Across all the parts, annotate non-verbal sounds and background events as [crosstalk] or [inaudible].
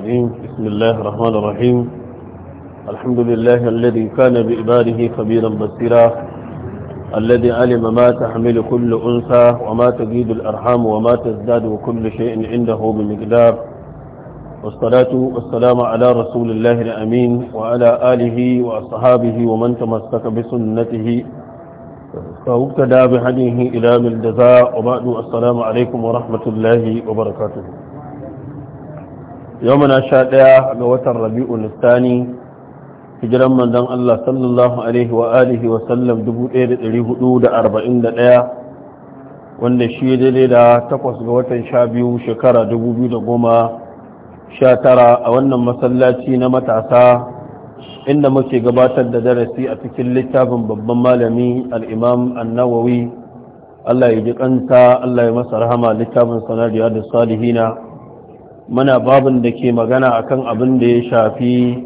الرجيم بسم الله الرحمن الرحيم الحمد لله الذي كان بإباده خبيرا بصيرا الذي علم ما تحمل كل أنثى وما تجيد الأرحام وما تزداد وكل شيء عنده بمقدار والصلاة والسلام على رسول الله الأمين وعلى آله وأصحابه ومن تمسك بسنته فابتدى بهديه إلى من الجزاء وبعد السلام عليكم ورحمة الله وبركاته yau muna sha ɗaya ga watan rabi'u nistani hijiran manzan Allah sallallahu alaihi wa alihi wa sallam 1441 wanda shi daidai da takwas ga watan sha biyu shekara 2019 a wannan masallaci na matasa inda muke gabatar da darasi a cikin littafin babban malami al'imam annawawi Allah ya ji ƙanta, Allah ya masa rahama littafin sanariya da salihina muna babin da ke magana akan abin da ya shafi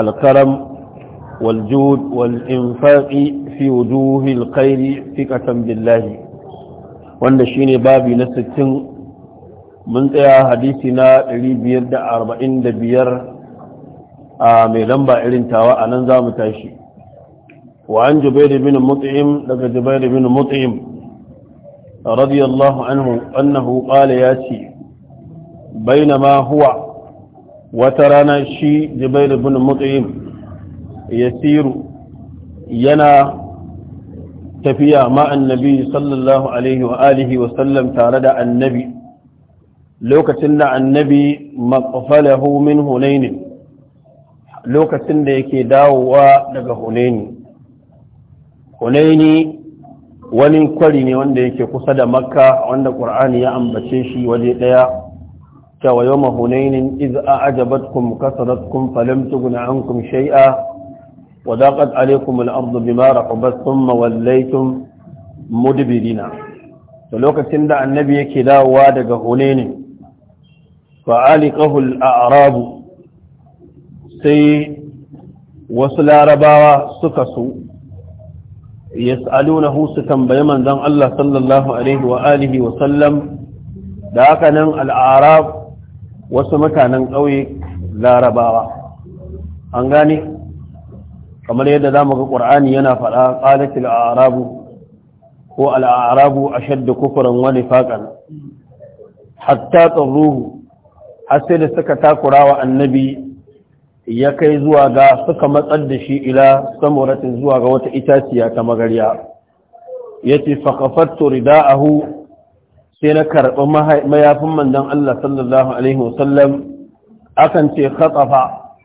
alkaram waljud wal'infaƙi fi wuduhi alkhairi fi ƙasan billahi wanda shi ne babi na 60 mun tsaya hadisi na 545 a mai lamba irin tawa a nan za mu tashi وعن جبير بن مطعم لك جبير بن مطعم رضي الله عنه أنه قال bainama huwa wata rana shi jibairu bin mut'im yasiru yana tafiya ma'an nabi sallallahu alaihi wa alihi wa sallam tare da annabi lokacin da annabi lokacin da yake dawowa daga hunaini hunaini wani kwari ne wanda yake kusa da makka wanda qur'ani ya ambace shi waje daya cewa yau mahunainin iz'a a jabatkun kasaratkun falimtugun an kun shai'a wa daƙat alaikum al'adu bi ma raƙubatun mawallaitun mudubirina da lokacin da annabi yake dawowa daga hunainin fa aliƙahu Arabu. sai wasu larabawa suka so ya tsalu na husu tambayi manzan Allah sallallahu da haka nan al'arabu wasu mutanen ƙauye larabawa an gane kamar yadda za mu ga ƙur'ani yana faɗa ƙalatil arabu ko al'arabu a shadda kufurin wani faƙan hatta tsarruhu har sai da suka takura wa annabi ya kai zuwa ga suka matsar da shi ila samuratin zuwa ga wata itaciya ta magarya ya ce faƙafattu rida'ahu sai na karɓi mayafin Mandan Allah sallallahu alaihi wasallam akan ce khatafa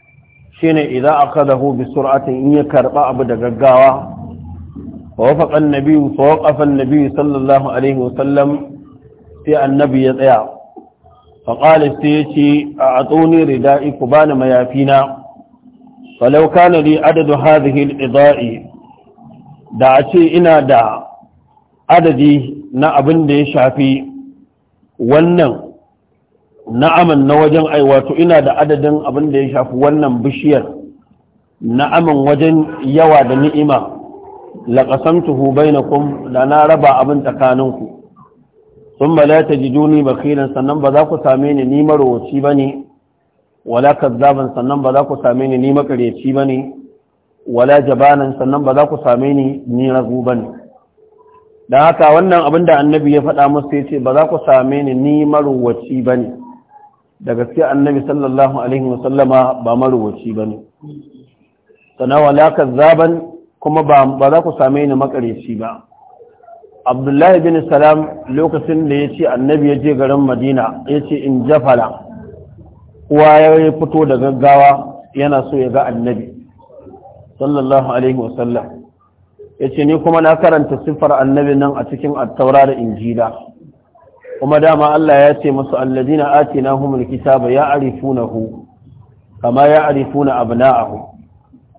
shine idan dahu bi sur'atin in ya karɓa abu da gaggawa wa wafaqa an-nabi fa sallallahu alaihi wasallam sai annabi ya tsaya fa qala sai yace a'tuni rida'i ku bani mayafina falau kana li adadu hadhihi al-ida'i da a ce ina da adadi na abin da ya shafi wannan na'aman na wajen aiwato ina da adadin abin da ya shafi wannan bishiyar na'aman wajen yawa da ni'ima laƙasamtuhu bainakum da na raba abin tsakaninku sun ba la tajiduni bakhilan sannan ba za ku same ni ni marowaci bane wala kazzaban sannan ba za ku same ni ni makareci bane wala jabanan sannan ba za ku same ni ni ragu bane da haka wannan abin da annabi ya faɗa musu ya ce ba za ku same ni ni maruwaci ba ne da gaske annabi sallallahu alaihi wasallama ba maruwaci ba ne sana walaka zaban kuma ba za ku same ni makarici ba abdullahi bin salam lokacin da ya ce annabi ya je garin madina ya ce in jafala Kuwa ya fito da gaggawa yana so ya ga annabi sallallahu alaihi wasallam ya ce ni kuma na karanta siffar annabi nan a cikin attaura da injila kuma dama Allah ya ce masu allazina na humul kitaba ya hu, kama ya abu na na ahu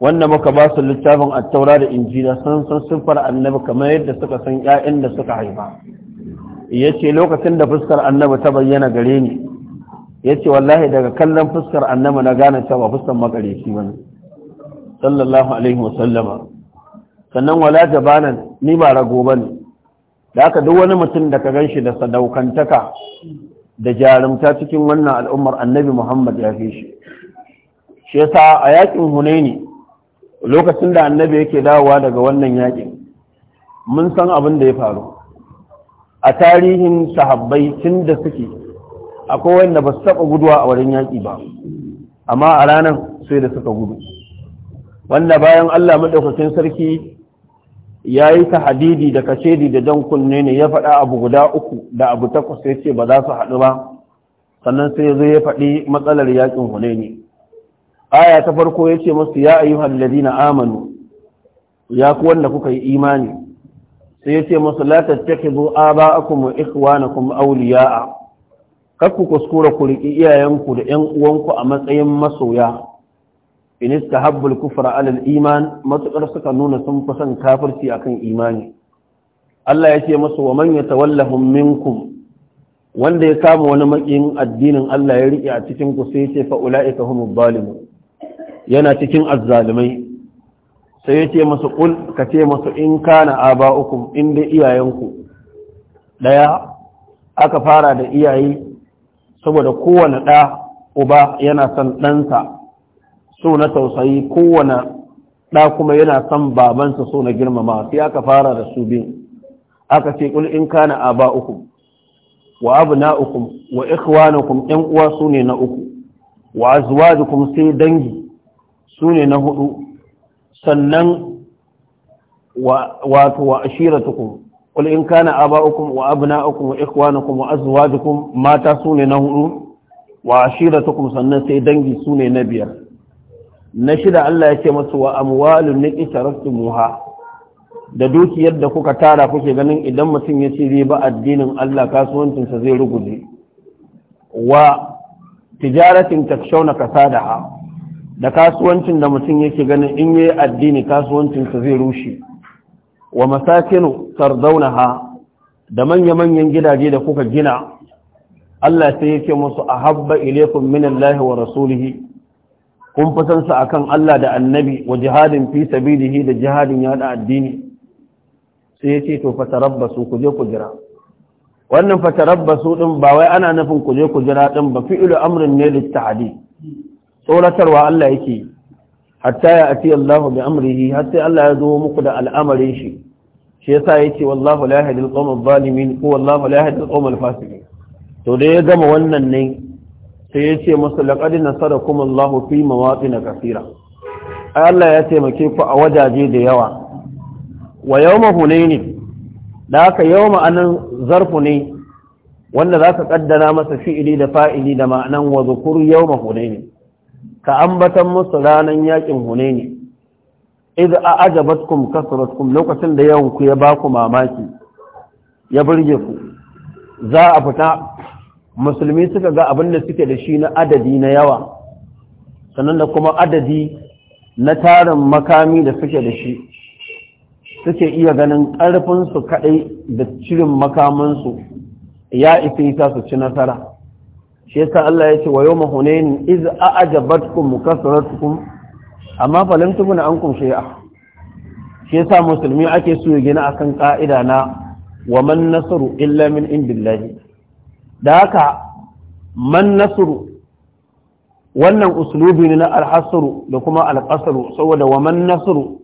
wanda muka ba su littafin attaura da injila sun san siffar annabi kamar yadda suka san ƴaƴan da suka haifa Ya ce lokacin da fuskar annabi ta bayyana gare ni Ya ce wallahi daga kallon fuskar annabi na gane cewa fuskar makareci ne. sallallahu alaihi wasallama sannan wala jabanan ni ba rago ne, da aka duk wani mutum da ka gan shi da sadaukantaka da jarumta cikin wannan al'ummar annabi Muhammad ya fi shi shi yasa a yakin Hunaini lokacin da annabi yake dawowa daga wannan yakin mun san abin da ya faru a tarihin sahabbai tun da suke akwai wanda ba su taɓa guduwa a wurin yaƙi ba amma a ranar sai da suka gudu wanda bayan Allah maɗaukakin sarki ya yi ta hadidi da kashedi da jan kunne ne ya faɗa abu guda uku da abu takwas ya ce ba za su haɗu ba sannan sai zai ya faɗi matsalar yakin ne aya ta farko ya ce masu ya ayyuhan na amanu ya ku wanda kuka yi imani sai ya ce masu la tattakhidhu aba'akum wa ikhwanakum awliya'a kar ku kuskura ku riƙi iyayenku da ƴan uwanku a matsayin masoya in istahabbul kufra ala iman matukar suka nuna sun fi son kafirci akan imani Allah ya ce masa wa man yatawallahum minkum wanda ya kama wani makin addinin Allah ya riƙe a cikin ku sai ya ce fa ulaika humuz zalimun yana cikin azzalumai sai ya ce masu kul ka ce masa in kana aba'ukum da iyayenku Ɗaya aka fara da iyaye saboda kowane ɗa uba yana son ɗansa so na tausayi kowane ɗa kuma yana son babansa so na girmama sai aka fara da su biyu aka ce kul in kana aba uku wa uku wa ikhwanukum yan uwa su ne na uku wa azwajukum sai dangi su ne na hudu sannan wato wa ashiratukum kul in kana uku, wa uku wa ikhwanukum wa azwajukum mata su ne na hudu wa ashiratukum sannan sai dangi su ne na biyar na shida Allah ya ce masu wa amwalun ni sharastu muha da dukiyar da kuka tara kuke ganin idan mutum ya ci zai ba addinin Allah kasuwancinsa zai ruguje wa tijaratin takshauna kasadaha da kasuwancin da mutum yake ganin in yi addini kasuwancinsa zai rushe wa masakinu ha. da manya-manyan gidaje da kuka gina Allah sai yake musu ahabba ilaykum minallahi wa rasulihi kun fi san su akan Allah da annabi wa jihadin fi sabilihi da jihadin yada addini sai ya ce to fatarabbasu ku je ku jira wannan fatarabbasu din ba wai ana nufin ku je ku jira din ba fi'lu amrin ne litta'adi tsoratarwa Allah yake hatta ya ati Allah bi amrihi hatta Allah ya zo muku da al'amarin shi shi yasa yace wallahu la yahdi al-qawm adh-dhalimin ko wallahu la yahdi al-qawm al-fasiqin to da ya gama wannan ne sai ya ce masa laƙadi nasara kuma Allah fi mawaƙi na kasira Allah ya taimake ku a wajaje da yawa wa yau mahune ne da aka yau ma'anin zarfu ne wanda za ka ƙaddara masa fi'ili da fa'ili da ma'anan wa zukuru yau mahune ne ka ambatan musu ranar yaƙin hune ne iz a kasarat kum lokacin da yawan ku ya ba ku mamaki ya burge ku za a fita musulmi suka ga abin da suke da shi na adadi na yawa sannan da kuma adadi na tarin makami da suke da shi suke iya ganin ƙarfinsu kaɗai da cirin makamansu ya isa yi su ci nasara shi yasa Allah ya ce wa yawma hunain iz a'jabatkum kasratukum amma falam tukuna ankum shay'a shi yasa musulmi ake so ya gina akan ƙa'ida na wa man nasaru illa min indillahi da haka man nasru wannan uslubi ne na alhasru da kuma alqasru saboda wa man nasru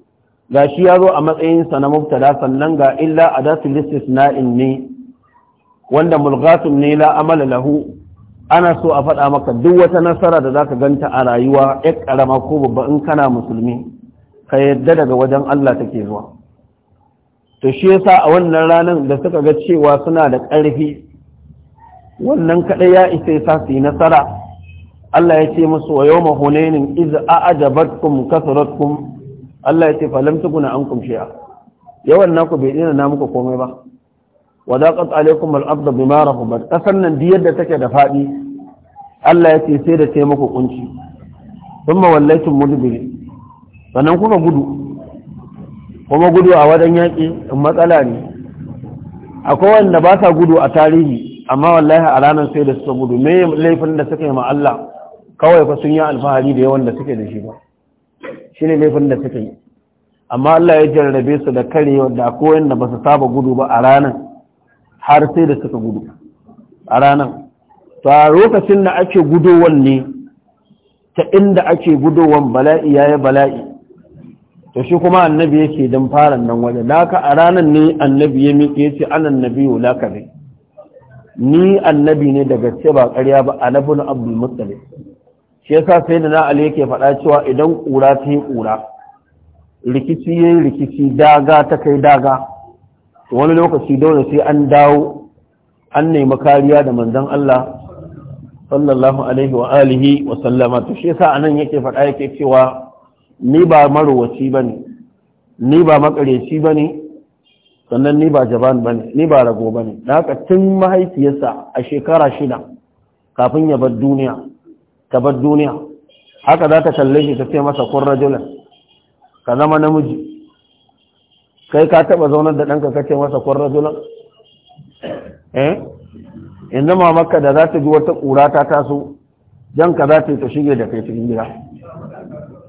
gashi ya zo a matsayin sa na mubtada sannan ga illa adatul istisna'in ne wanda Mulgatun ne la amala lahu ana so a faɗa maka duk wata nasara da zaka ganta a rayuwa ya karama ko babba in kana musulmi ka yadda daga wajen Allah take zuwa to shi yasa a wannan ranar da suka ga cewa suna da ƙarfi wannan kaɗai ya isa sa yi nasara Allah ya ce musu wa yau mahunainin iz a'ajabatkum kasaratkum Allah ya ce falam an ankum shi'a yawan naku bai dina na muku komai ba wa daqat alaykum al-ardu bima rahabat ƙasar nan diyar da take da faɗi. Allah ya ce sai da sai muku kunci thumma wallaytum mudbiri sannan kuka gudu kuma gudu a wajen yaki matsala ne akwai wanda ba sa gudu a tarihi amma wallahi a ranar sai da suka gudu me laifin da suka yi ma Allah kawai fa sun yi alfahari da yawan da suke da shi ba shine laifin da suka yi amma Allah ya jarrabe su da karewa da koyan da ba su saba gudu ba a ranar har sai da suka gudu a ranar to a lokacin da ake gudowan ne ta inda ake gudowan bala'i yayi bala'i to shi kuma annabi yake dan fara nan waje laka a ranar ne annabi ya miƙe ce anan nabiyu laka bai ni annabi ne daga ce ba ƙarya ba a nabin abdul muttalib shi sa sai da na ali yake faɗa cewa idan ƙura ta yi ƙura rikici ya yi rikici daga ta kai daga wani lokaci dole sai an dawo an nemi kariya da manzon Allah sallallahu alaihi wa alihi wa sallama to shi yasa anan yake faɗa yake cewa ni ba marowaci ne. ni ba makareci ne. sannan ni ba jaban bane ni ba rago bane da haka tun mahaifiyarsa a shekara shida kafin ya bar duniya ta bar duniya haka za ta kalle shi ta ce masa kun rajula ka zama namiji kai ka taba zaunar da ɗanka ka ce masa kun rajula eh inda Makka da za ta ji wata ƙura ta taso jan ka za ta yi ta shige da kai cikin gida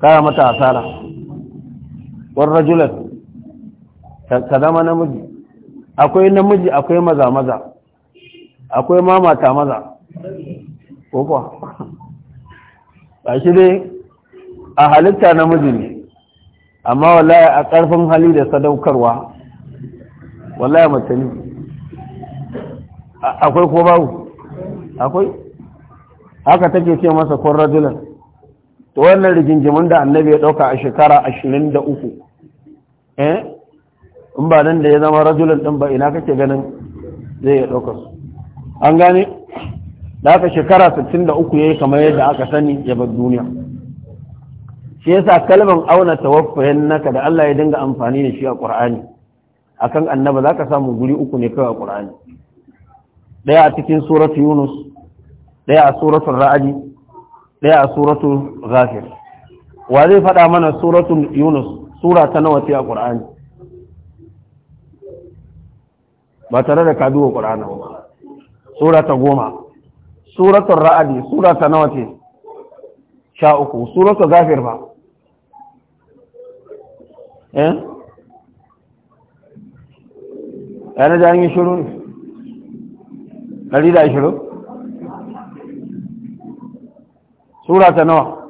kaya mata asara kun rajulan ka zama namiji akwai namiji akwai maza maza akwai mamata maza kokuwa ba [laughs] shi dai a halitta namiji ne amma wallahi a ƙarfin hali da sadaukarwa wallahi mace ne akwai ko babu akwai haka take ce masa kun rajulan to wannan rigingimin da annabi ya ɗauka a shekara ashirin da uku eh in ba nan da ya zama rajulan din ba ina kake ganin zai ya ɗaukar su an gane da aka shekara 63 ya yi kamar yadda aka sani ya bar duniya shi yasa kalmar auna tawaffayan naka da Allah ya dinga amfani da shi a Qur'ani akan annaba za ka samu guri uku ne kawai a Qur'ani Ɗaya a cikin suratu Yunus ɗaya a suratul Ra'adi ɗaya a suratul Ghafir wa zai faɗa mana suratul Yunus sura ta nawa ce a Qur'ani ba tare da ka duba qur'ana ba sura ta goma suratul ra'adi sura ta nawa ce sha uku suratul zafir ba eh yana da hanyar shiru ne ɗari da shiru sura ta nawa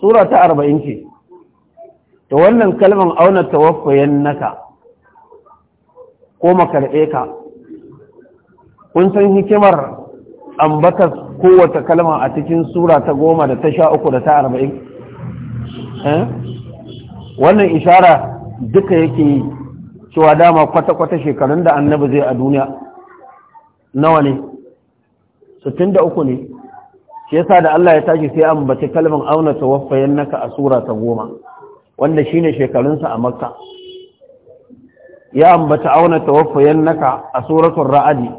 sura ta arba'in ce ta wannan kalman auna tawaffayen naka ko makarɓe ka kun san hikimar ambatar kowace kalma a cikin sura ta goma da ta sha uku da ta arba'in eh? wannan ishara duka yake cewa dama kwata-kwata shekarun da annabi zai a duniya nawa ne da uku ne shi yasa da Allah ya tashi sai ambaci kalmar auna tawaffayan naka a sura ta goma wanda shine shekarunsa a makka ya ambata auna tawaffayan naka a suratul ra'adi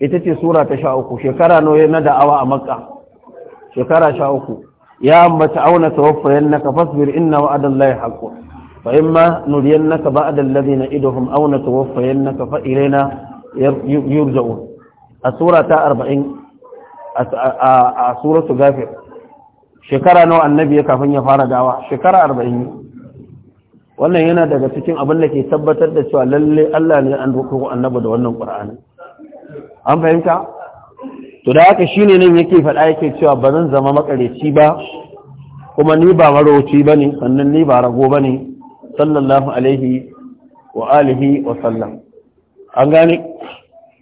ita ce sura ta sha uku shekara nawa na da'awa a makka shekara sha uku ya ambata auna tawaffayan naka fasbir inna wa'adallahi haqqun fa imma nuriyannaka ba'da alladhina iduhum aw natawaffayannaka fa ilayna yurja'un a sura ta 40 a suratul ghafir shekara nawa annabi ya kafin ya fara dawa shekara arba'in 40 wannan yana daga cikin abin da ke tabbatar da cewa lalle Allah ne an roƙo annabi da wannan Qur'ani an fahimta to da haka shine nan yake faɗa yake cewa ba zan zama makareci ba kuma ni ba maroci bane sannan ni ba rago bane sallallahu alaihi wa alihi wa sallam an gane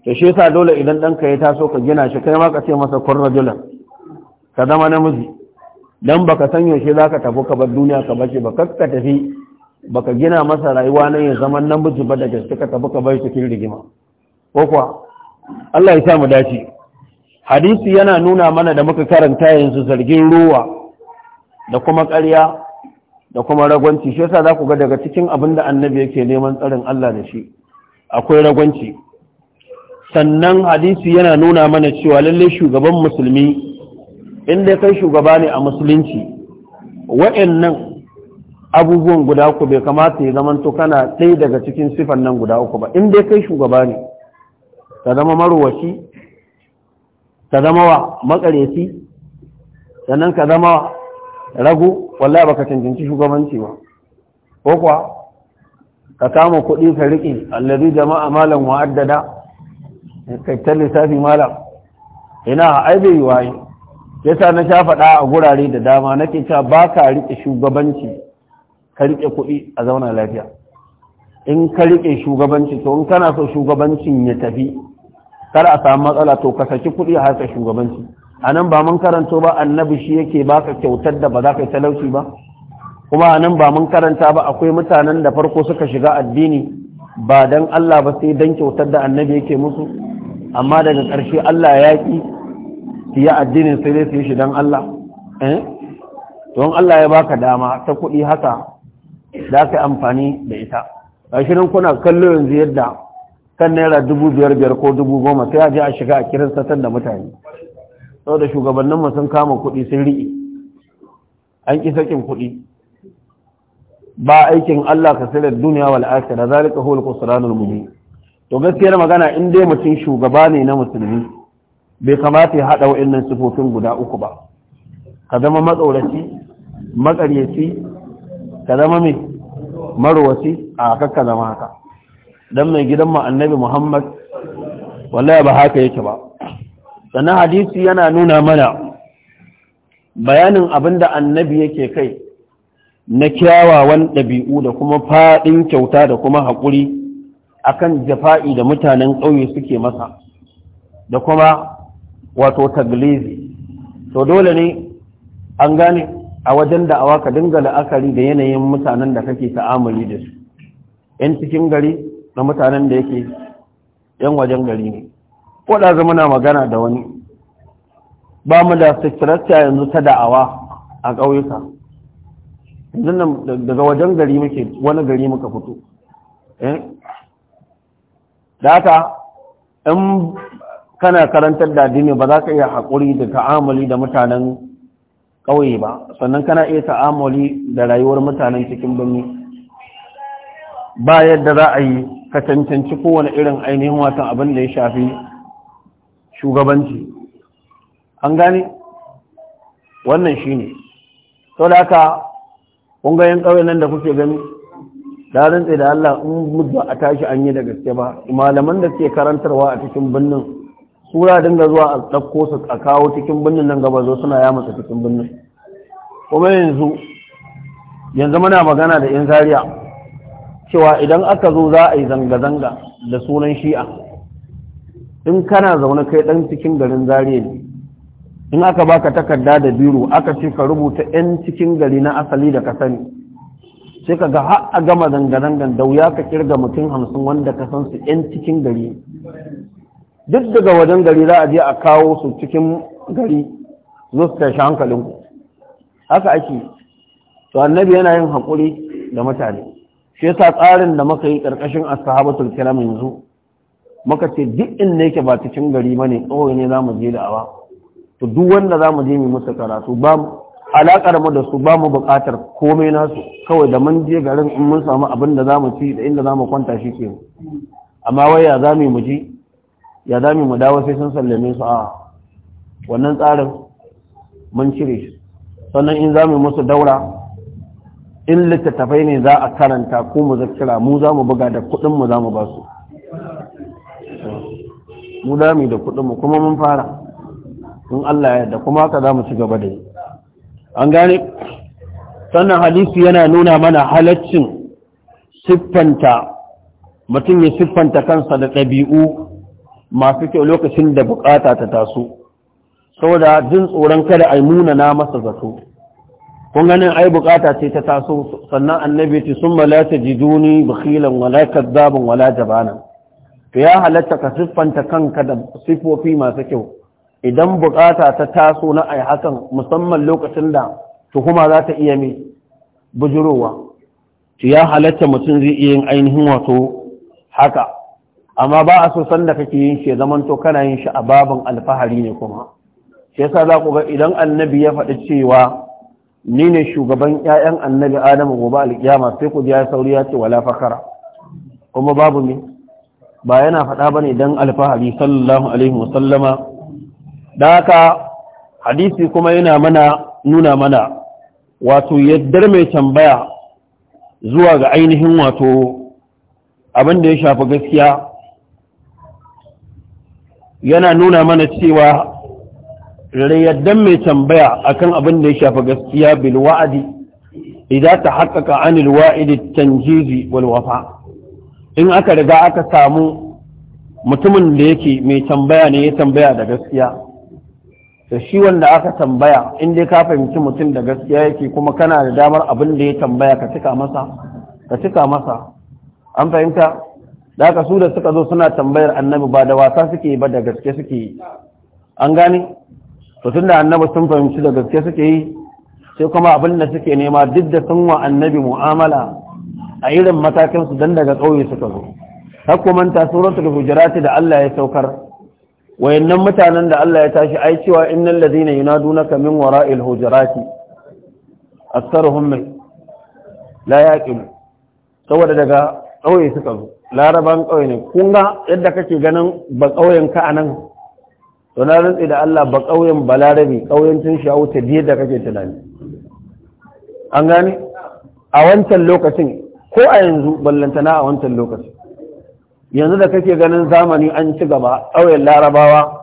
to shi yasa dole idan ɗanka ya taso ka gina shi kai ma ka ce masa kun rajulan ka zama namiji dan baka san yaushe zaka tafi ka bar duniya ka bace ba kakka tafi baka gina masa rayuwa na yin zaman nan miji ba da gaske ka tafi ka bai cikin rigima ko kuwa Allah ya sa mu dace hadisi yana nuna mana da muka karanta yanzu zargin ruwa da kuma ƙarya da kuma ragwanci shi yasa za ku ga daga cikin abin da annabi yake neman tsarin Allah da shi akwai ragwanci sannan hadisi yana nuna mana cewa lalle shugaban musulmi inda kai shugaba ne a musulunci wa'annan abubuwan guda uku bai kamata ya zama to kana ɗaya daga cikin sifan nan guda uku ba in dai kai shugaba ne ka zama marwashi ka zama wa makareci sannan ka zama rago wallahi baka cancanci shugabanci ba ko kuwa ka kama kuɗi ka riƙe allazi jama'a malam wa addada kai ta lissafi malam ina ai bai yi yasa na sha faɗa a gurare da dama nake cewa baka ka riƙe shugabanci ka riƙe kuɗi a zauna lafiya in ka riƙe shugabanci to in kana so shugabancin ya tafi kar a samu matsala to ka saki kuɗi a harkar shugabanci a nan ba mun karanto ba annabi shi yake baka kyautar da ba za ka yi talauci ba kuma a nan ba mun karanta ba akwai mutanen da farko suka shiga addini ba dan Allah ba sai dan kyautar da annabi yake musu amma daga ƙarshe Allah ya ki su yi addinin sai dai su yi shi dan Allah eh don Allah ya baka dama ta kuɗi haka Za ka yi amfani da ita a shirin kuna kallo yanzu yadda kan naira dubu biyar biyar ko dubu goma sai a je a shiga a kiran satar da mutane saboda shugabannin sun kama kuɗi sun riƙe an ƙi sakin kuɗi ba aikin Allah ka da duniya wal akhira zalika huwa qusranul mubin to gaskiyar magana in dai mutum shugaba ne na musulmi bai kamata ya haɗa wa'annan sifofin guda uku ba ka zama matsauraci maƙaryaci ka zama mai marwasi a kakka zama haka don mai gidan ma annabi muhammad wallaya ba haka yake ba sannan hadisi yana nuna mana bayanin abin da annabi yake kai na kyawawan ɗabi'u da kuma faɗin kyauta da kuma haƙuri akan jafa'i da mutanen ƙauye suke masa da kuma wato taglizi to dole ne an gane a wajen da'awa ka dinga la'akari da yanayin mutanen da kake ta'amuli da su yan cikin gari na mutanen da yake yan wajen gari ne ko da zama na magana da wani ba mu da secretariat yanzu ta da'awa a ƙauyuka yanzu daga wajen gari muke wani gari muka fito eh? da haka in kana karantar da addini ba za ka iya haƙuri da ta'amuli da mutanen ƙauye ba sannan kana iya ta'amuli da rayuwar mutanen cikin birni ba yadda za a yi ka cancanci kowane irin ainihin watan abin da ya shafi shugabanci an gane wannan shi ne sau da haka ƙungayen ƙauye nan da kuke gani da rantse da Allah in ba a tashi an yi da gaske ba malaman da ke karantarwa a cikin birnin sura dinga zuwa a ɗauko su a kawo cikin birnin nan gaba zo suna ya masa cikin birnin kuma yanzu yanzu muna magana da yan zariya cewa idan aka zo za a yi zanga-zanga da sunan shi'a in kana zaune kai ɗan cikin garin zariya ne in aka baka takarda da biro aka ce ka rubuta 'yan cikin gari na asali da ka sani sai ka ga har a gama zanga-zangan da wuya ka kirga mutum hamsin wanda ka san su 'yan cikin gari duk daga wajen gari za a je a kawo su cikin gari zo su tashi hankalin ku haka ake to annabi yana yin haƙuri da mutane shi yasa tsarin da muka yi ƙarƙashin ashabatul kiram yanzu muka ce duk inda yake ba cikin gari ba ne kawai ne za je da awa to duk wanda za je mu musu karatu ba alaƙar mu da su ba mu buƙatar komai nasu kawai da mun je garin in mun samu abin da za ci da inda zamu kwanta shi ke amma waya za yi mu ji ya za mu dawo sai sun sallame su a wannan tsarin mun cire shi sannan in za mu musu daura in littattafai ne za a karanta ko mu zakira mu za mu buga da kuɗin mu za mu ba su mu dami da kuɗin mu kuma mun fara in Allah ya yarda kuma haka za mu ci gaba da yi an gane sannan hadisi yana nuna mana halaccin siffanta mutum ya siffanta kansa da ɗabi'u masu kyau lokacin da bukata ta taso saboda jin tsoron kada ai nuna na masa zato kun ganin ai bukata ce ta taso sannan annabi ce sun malata ta jiduni bakhilan wala kadzabun wala jabana to ya halatta ka siffanta kanka da sifofi masu kyau idan bukata ta taso na ai hakan musamman lokacin da tuhuma za ta iya mai bujurowa ya halatta mutum zai iya yin ainihin wato haka amma ba a so sanda kake yin shi zaman to kana yin shi a babin alfahari ne kuma shi yasa za ku ga idan annabi ya faɗi cewa ni ne shugaban ƴaƴan annabi adamu gobe alƙiyama sai ku ya sauri ya ce wala fakara kuma babu ne ba yana faɗa bane dan alfahari sallallahu alaihi wasallama da haka hadisi kuma yana mana nuna mana wato yaddar mai tambaya zuwa ga ainihin wato abin da ya shafi gaskiya yana nuna mana cewa yadda mai tambaya akan abin da ya shafi gaskiya bil wa'adi idan ta haƙaƙa anil wa'idi tanjizi wal wafa in aka riga aka samu mutumin da yake mai tambaya ne ya tambaya da gaskiya da shi wanda aka tambaya in dai ka fahimci mutum da gaskiya yake kuma kana da damar abin da ya tambaya ka cika ka cika masa an fahimta da haka su da suka zo suna tambayar annabi ba da wasa suke ba da gaske suke yi an gane to tunda annabi sun fahimci da gaske suke yi sai kuma abin da suke nema duk da sun wa annabi mu'amala a irin matakin su dan daga ƙauye suka zo har kuma manta suratul hujurat da Allah ya saukar wayannan mutanen da Allah ya tashi ai cewa innal ladina yunadunaka min wara'il hujurati aktharuhum la yaqil saboda daga ƙauye suka zo laraban ƙauye ne kun ga yadda kake ganin ba ƙauyen ka anan to na rantsi da Allah ba ƙauyen balarabi ƙauyen tun shi biyar da kake tunani an gane a wancan lokacin ko a yanzu ballantana a wancan lokacin yanzu da kake ganin zamani an ci gaba ƙauyen larabawa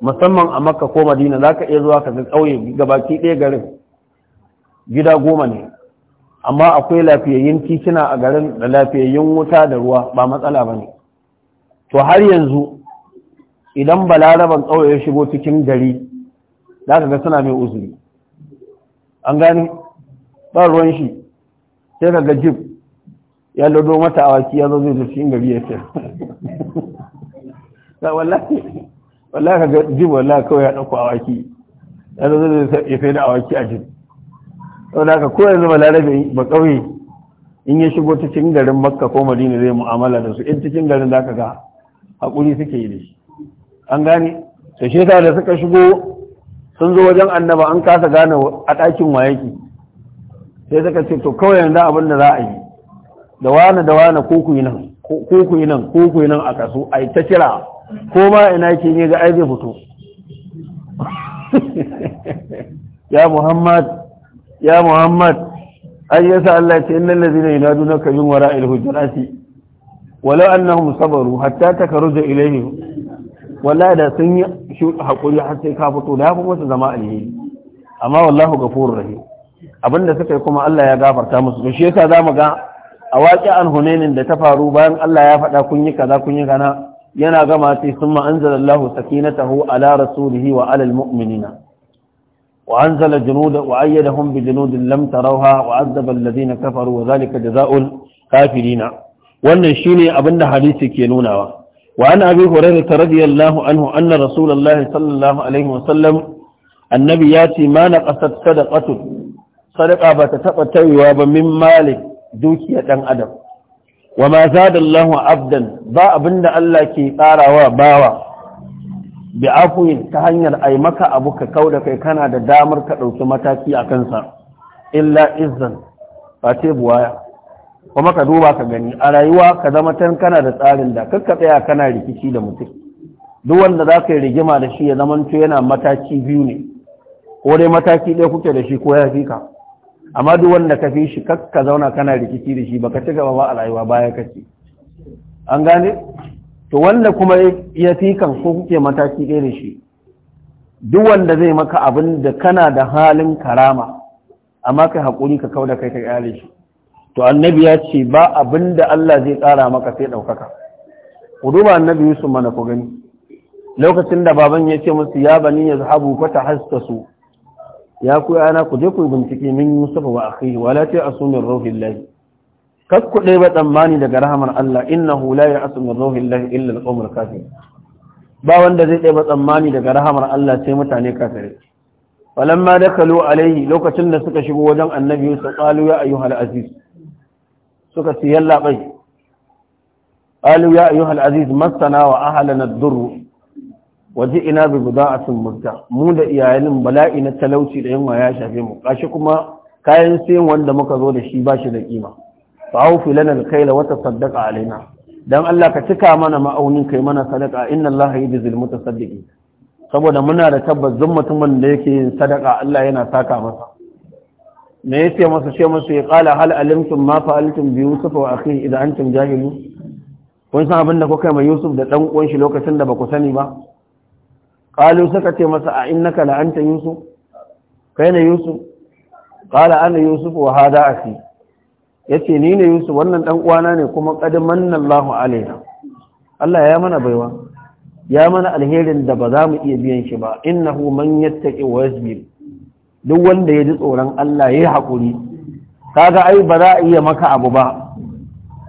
musamman a makka ko madina za ka iya zuwa ka ga ƙauye gabaki ɗaya garin gida goma ne amma akwai lafiyayyun titina a garin da lafiyayyun wuta da ruwa ba matsala ba ne to har yanzu idan balaraban tsawo ya shigo cikin gari za ka ga suna mai uzuri an gane ba ruwan shi sai ka ga jib ya lodo mata awaki ya zo zai zurfi gari ya ce wallahi ka ga jib wallahi kawai ya ɗauko awaki ya zo zai ya fai da awaki a jib saboda da ko yanzu balarabe ba kauye in ya shigo ta cikin garin makka ko madina zai mu'amala da su in cikin garin za ka ga hakuri suke yi da shi an gane to shi da suka shigo sun zo wajen annaba an kasa gane a ɗakin ki sai suka ce to kawai yanzu abin da za a yi da wani da wani ko ku yi nan ko ku yi nan ko ku yi nan a kaso a yi ta kira ko ma ina ke ne ga ai zai fito [laughs] ya muhammad ya muhammad ai yasa Allah ce innal ladina yunadunaka min wara'il hujurati walau annahum sabaru hatta takruja ilayhim wallahi da sun yi hakuri har sai ka fito da kuma su zama alheri amma wallahu ghafurur rahim abinda suka yi kuma Allah ya gafarta musu to shi yasa zamu ga a waƙi an hunainin da ta faru bayan Allah ya faɗa kun yi kaza kun yi kana yana gama sai summa anzalallahu sakinatahu ala rasulihi wa alal mu'minina وأنزل جنودا وأيدهم بجنود لم تروها وعذب الذين كفروا وذلك جزاء الكافرين wannan shine abin da hadisi ke nunawa wa an abi hurairah radiyallahu anhu anna rasulullahi sallallahu alaihi wa sallam annabi ya ce ma na sadaqatu sadaqa ba ta taba tawiwa ba min malik dukiya dan adam wa ma zada Allahu abdan ba abinda Allah ke karawa bawa bi afuwin ta hanyar ai maka abu ka kau da kai kana da damar ka ɗauki mataki a kansa illa izan ba ce buwaya kuma ka duba ka gani a rayuwa ka zama tan kana da tsarin da kakka tsaya kana rikici da mutum duk wanda za ka yi rigima da shi ya zama to yana mataki biyu ne ko dai mataki ɗaya kuke da shi ko ya fi ka amma duk wanda ka fi shi kar ka zauna kana rikici da shi baka ci gaba ba a rayuwa baya kake an gane to wanda kuma ya fi kan ko kuke mataki ɗaya da shi duk wanda zai maka abin da kana da halin karama amma kai haƙuri ka kau da kai ka ƙyale shi to annabi ya ce ba abin da Allah zai ƙara maka sai ɗaukaka ku duba annabi Yusuf mana ku gani lokacin da baban ya ce musu ya bani ya zahabu haska su, ya ku yana ku je ku bincike min Yusuf wa akhi wala ta asumir ruhillahi kakkuɗe ba tsammani daga rahamar Allah inna la ya'asu min ruhillahi illa al-qawmul kafir ba wanda zai ba tsammani daga rahamar Allah sai mutane kafirai falamma dakalu alaihi lokacin da suka shigo wajen annabi su qalu ya ayyuhal aziz suka ce yalla bai ya aziz masana wa ahlana ad waje ina bi buda'atin mutta mu da iyalin bala'i na talauci da yunwa ya shafe mu kashi kuma kayan sayan wanda muka zo da shi ba shi da kima fa'awfi lana alkaila wata tasaddaq alaina dan Allah ka cika mana ma'aunin kai mana sadaka inna Allah yajzil mutasaddiqin saboda muna da tabbas zan mutumin da yake yin sadaka Allah yana saka masa me yace masa ce masa ya qala hal alimtum ma fa'altum bi yusuf wa akhihi idan antum jahilun kun san abin da kuka mai Yusuf da dan uwan shi lokacin da ba ku sani ba qalu suka ce masa a innaka la anta yusuf kai ne yusuf qala ana yusuf wa hada akhi ya ce ni ne yusuf wannan ɗan uwana ne kuma ƙadiman lahu alaina Allah ya mana baiwa ya mana alherin da ba za mu iya biyan shi ba innahu man yattaqi wa yasbir duk wanda ya ji tsoron Allah yayi hakuri kaga ai ba za a iya maka abu ba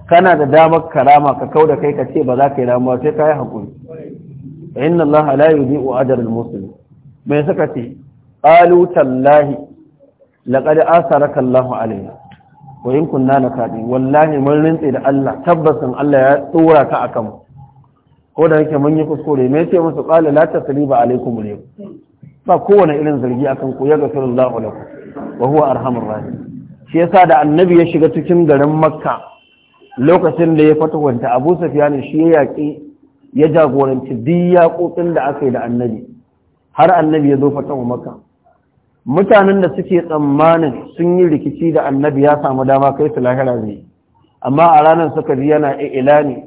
kana da damar karama ka kau da kai ka ce ba za ka yi ramuwa sai ka yi hakuri inna Allah la yudhi'u ajra al-muslim mai suka ce qalu tallahi laqad asaraka Allahu alaina wa in kunna na kaɗi? wallahi mun rintse da Allah tabbasin Allah ya tsora ka a akan ko da yake mun yi kuskure me ce musu qala la tasriba alaikum al ba kowane irin zargi akan ku ya gafirullahu lakum wa huwa arhamur rahim shi yasa da annabi ya shiga cikin garin makka lokacin da ya fatawanta abu sufyan shi ya yaƙi ya jagoranci duk yaƙoƙin da aka yi da annabi har annabi ya zo fatawa makka mutanen da suke tsammanin sun yi rikici da annabi ya samu dama kai su lahira zai amma a ranar suka ji yana ne,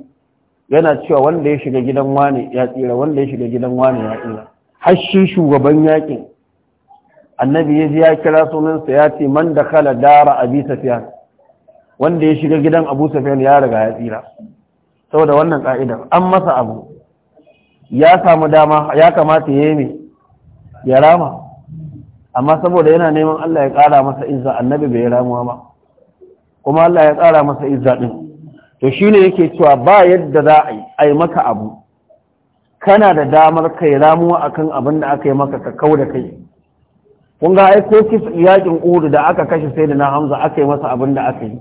yana cewa wanda ya shiga gidan wane ya tsira wanda ya shiga gidan wane ya tsira shi shugaban yakin annabi ya ji ya kira sunansa ya ce man da kala dara abi safiyan wanda ya shiga gidan abu safiyan ya riga ya tsira saboda wannan ka'idar an masa abu ya samu dama ya kamata ya yi ya rama amma saboda yana neman Allah ya ƙara masa izza annabi bai ramuwa ba kuma Allah ya ƙara masa izza din to shi ne yake cewa ba yadda za a yi ai maka abu kana da damar kai ramuwa akan abin da aka yi maka ka kau da kai kun ga ai ko yakin Uhud da aka kashe sai da na Hamza aka yi masa abin da aka yi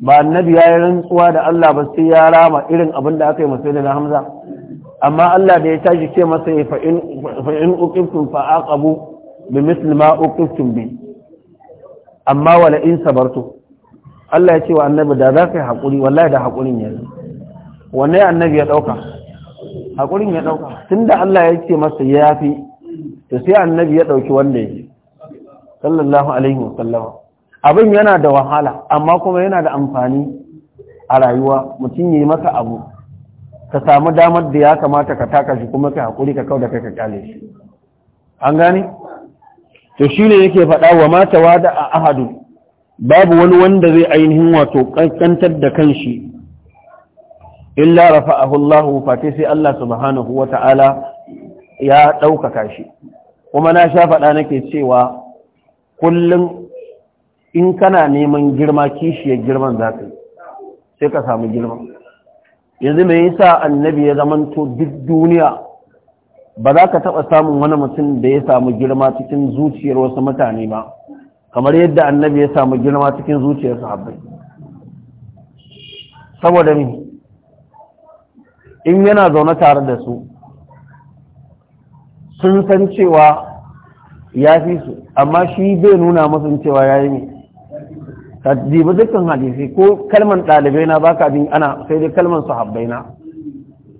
ba annabi ya yi rantsuwa da Allah ba sai ya rama irin abin da aka yi masa da na Hamza amma Allah da ya tashi ce masa fa in uqiftum fa aqabu bi misli ma uqiftum bi amma wala in sabartu Allah ya ce wa annabi da za ka yi haƙuri wallahi da haƙurin ya yi wanne annabi ya ɗauka haƙurin ya ɗauka tun da Allah ya ce masa ya yafi, to sai annabi ya ɗauki wanda ya yi sallallahu alaihi wa sallama abin yana da wahala amma kuma yana da amfani a rayuwa mutum yi masa abu ka samu damar da ya kamata ka taka shi kuma ka haƙuri ka kau da kai ka kyale shi an gane to shine yake faɗa wa mata wada a ahadu babu wani wanda zai ainihin wato ƙanƙantar da kanshi illa rafa'ahu ahullahu fati sai Allah subhanahu ta'ala ya ɗaukaka shi kuma na sha faɗa nake cewa kullum in kana neman girma kishiyar girman za ka yi sai ka samu girma yanzu mai yasa annabi ya zamanto duk duniya ba za ka taɓa samun wani mutum da ya samu girma cikin zuciyar wasu mutane ba kamar yadda annabi ya samu girma cikin zuciyar sahabbai saboda ni in yana zaune tare da su sun san cewa ya fi su amma shi bai nuna musu cewa ya yi ne ka dibi dukkan hadisi ko kalman ɗalibai na baka bin ana sai dai kalman sahabbai na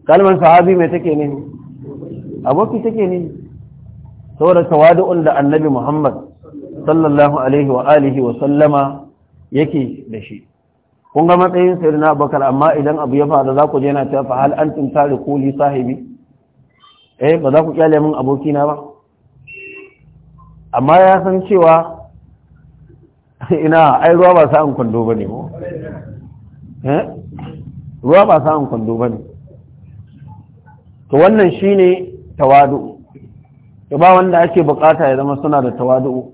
kalman sahabi mai take ne aboki take ne saboda tawadu'un da annabi Muhammad sallallahu alaihi wa alihi wa sallama yake da shi kun ga matsayin sayyidina Abubakar amma idan abu ya faru za ku je na ta fa hal antum tariku li sahibi eh ba za ku kyale min aboki na ba amma ya san cewa [laughs] ina ai ruwa ba sa'an kwando bane mu eh ruwa ba sa'an kwando bane to wannan shine tawadu'u to ba wanda ake bukata ya zama suna da tawadu'u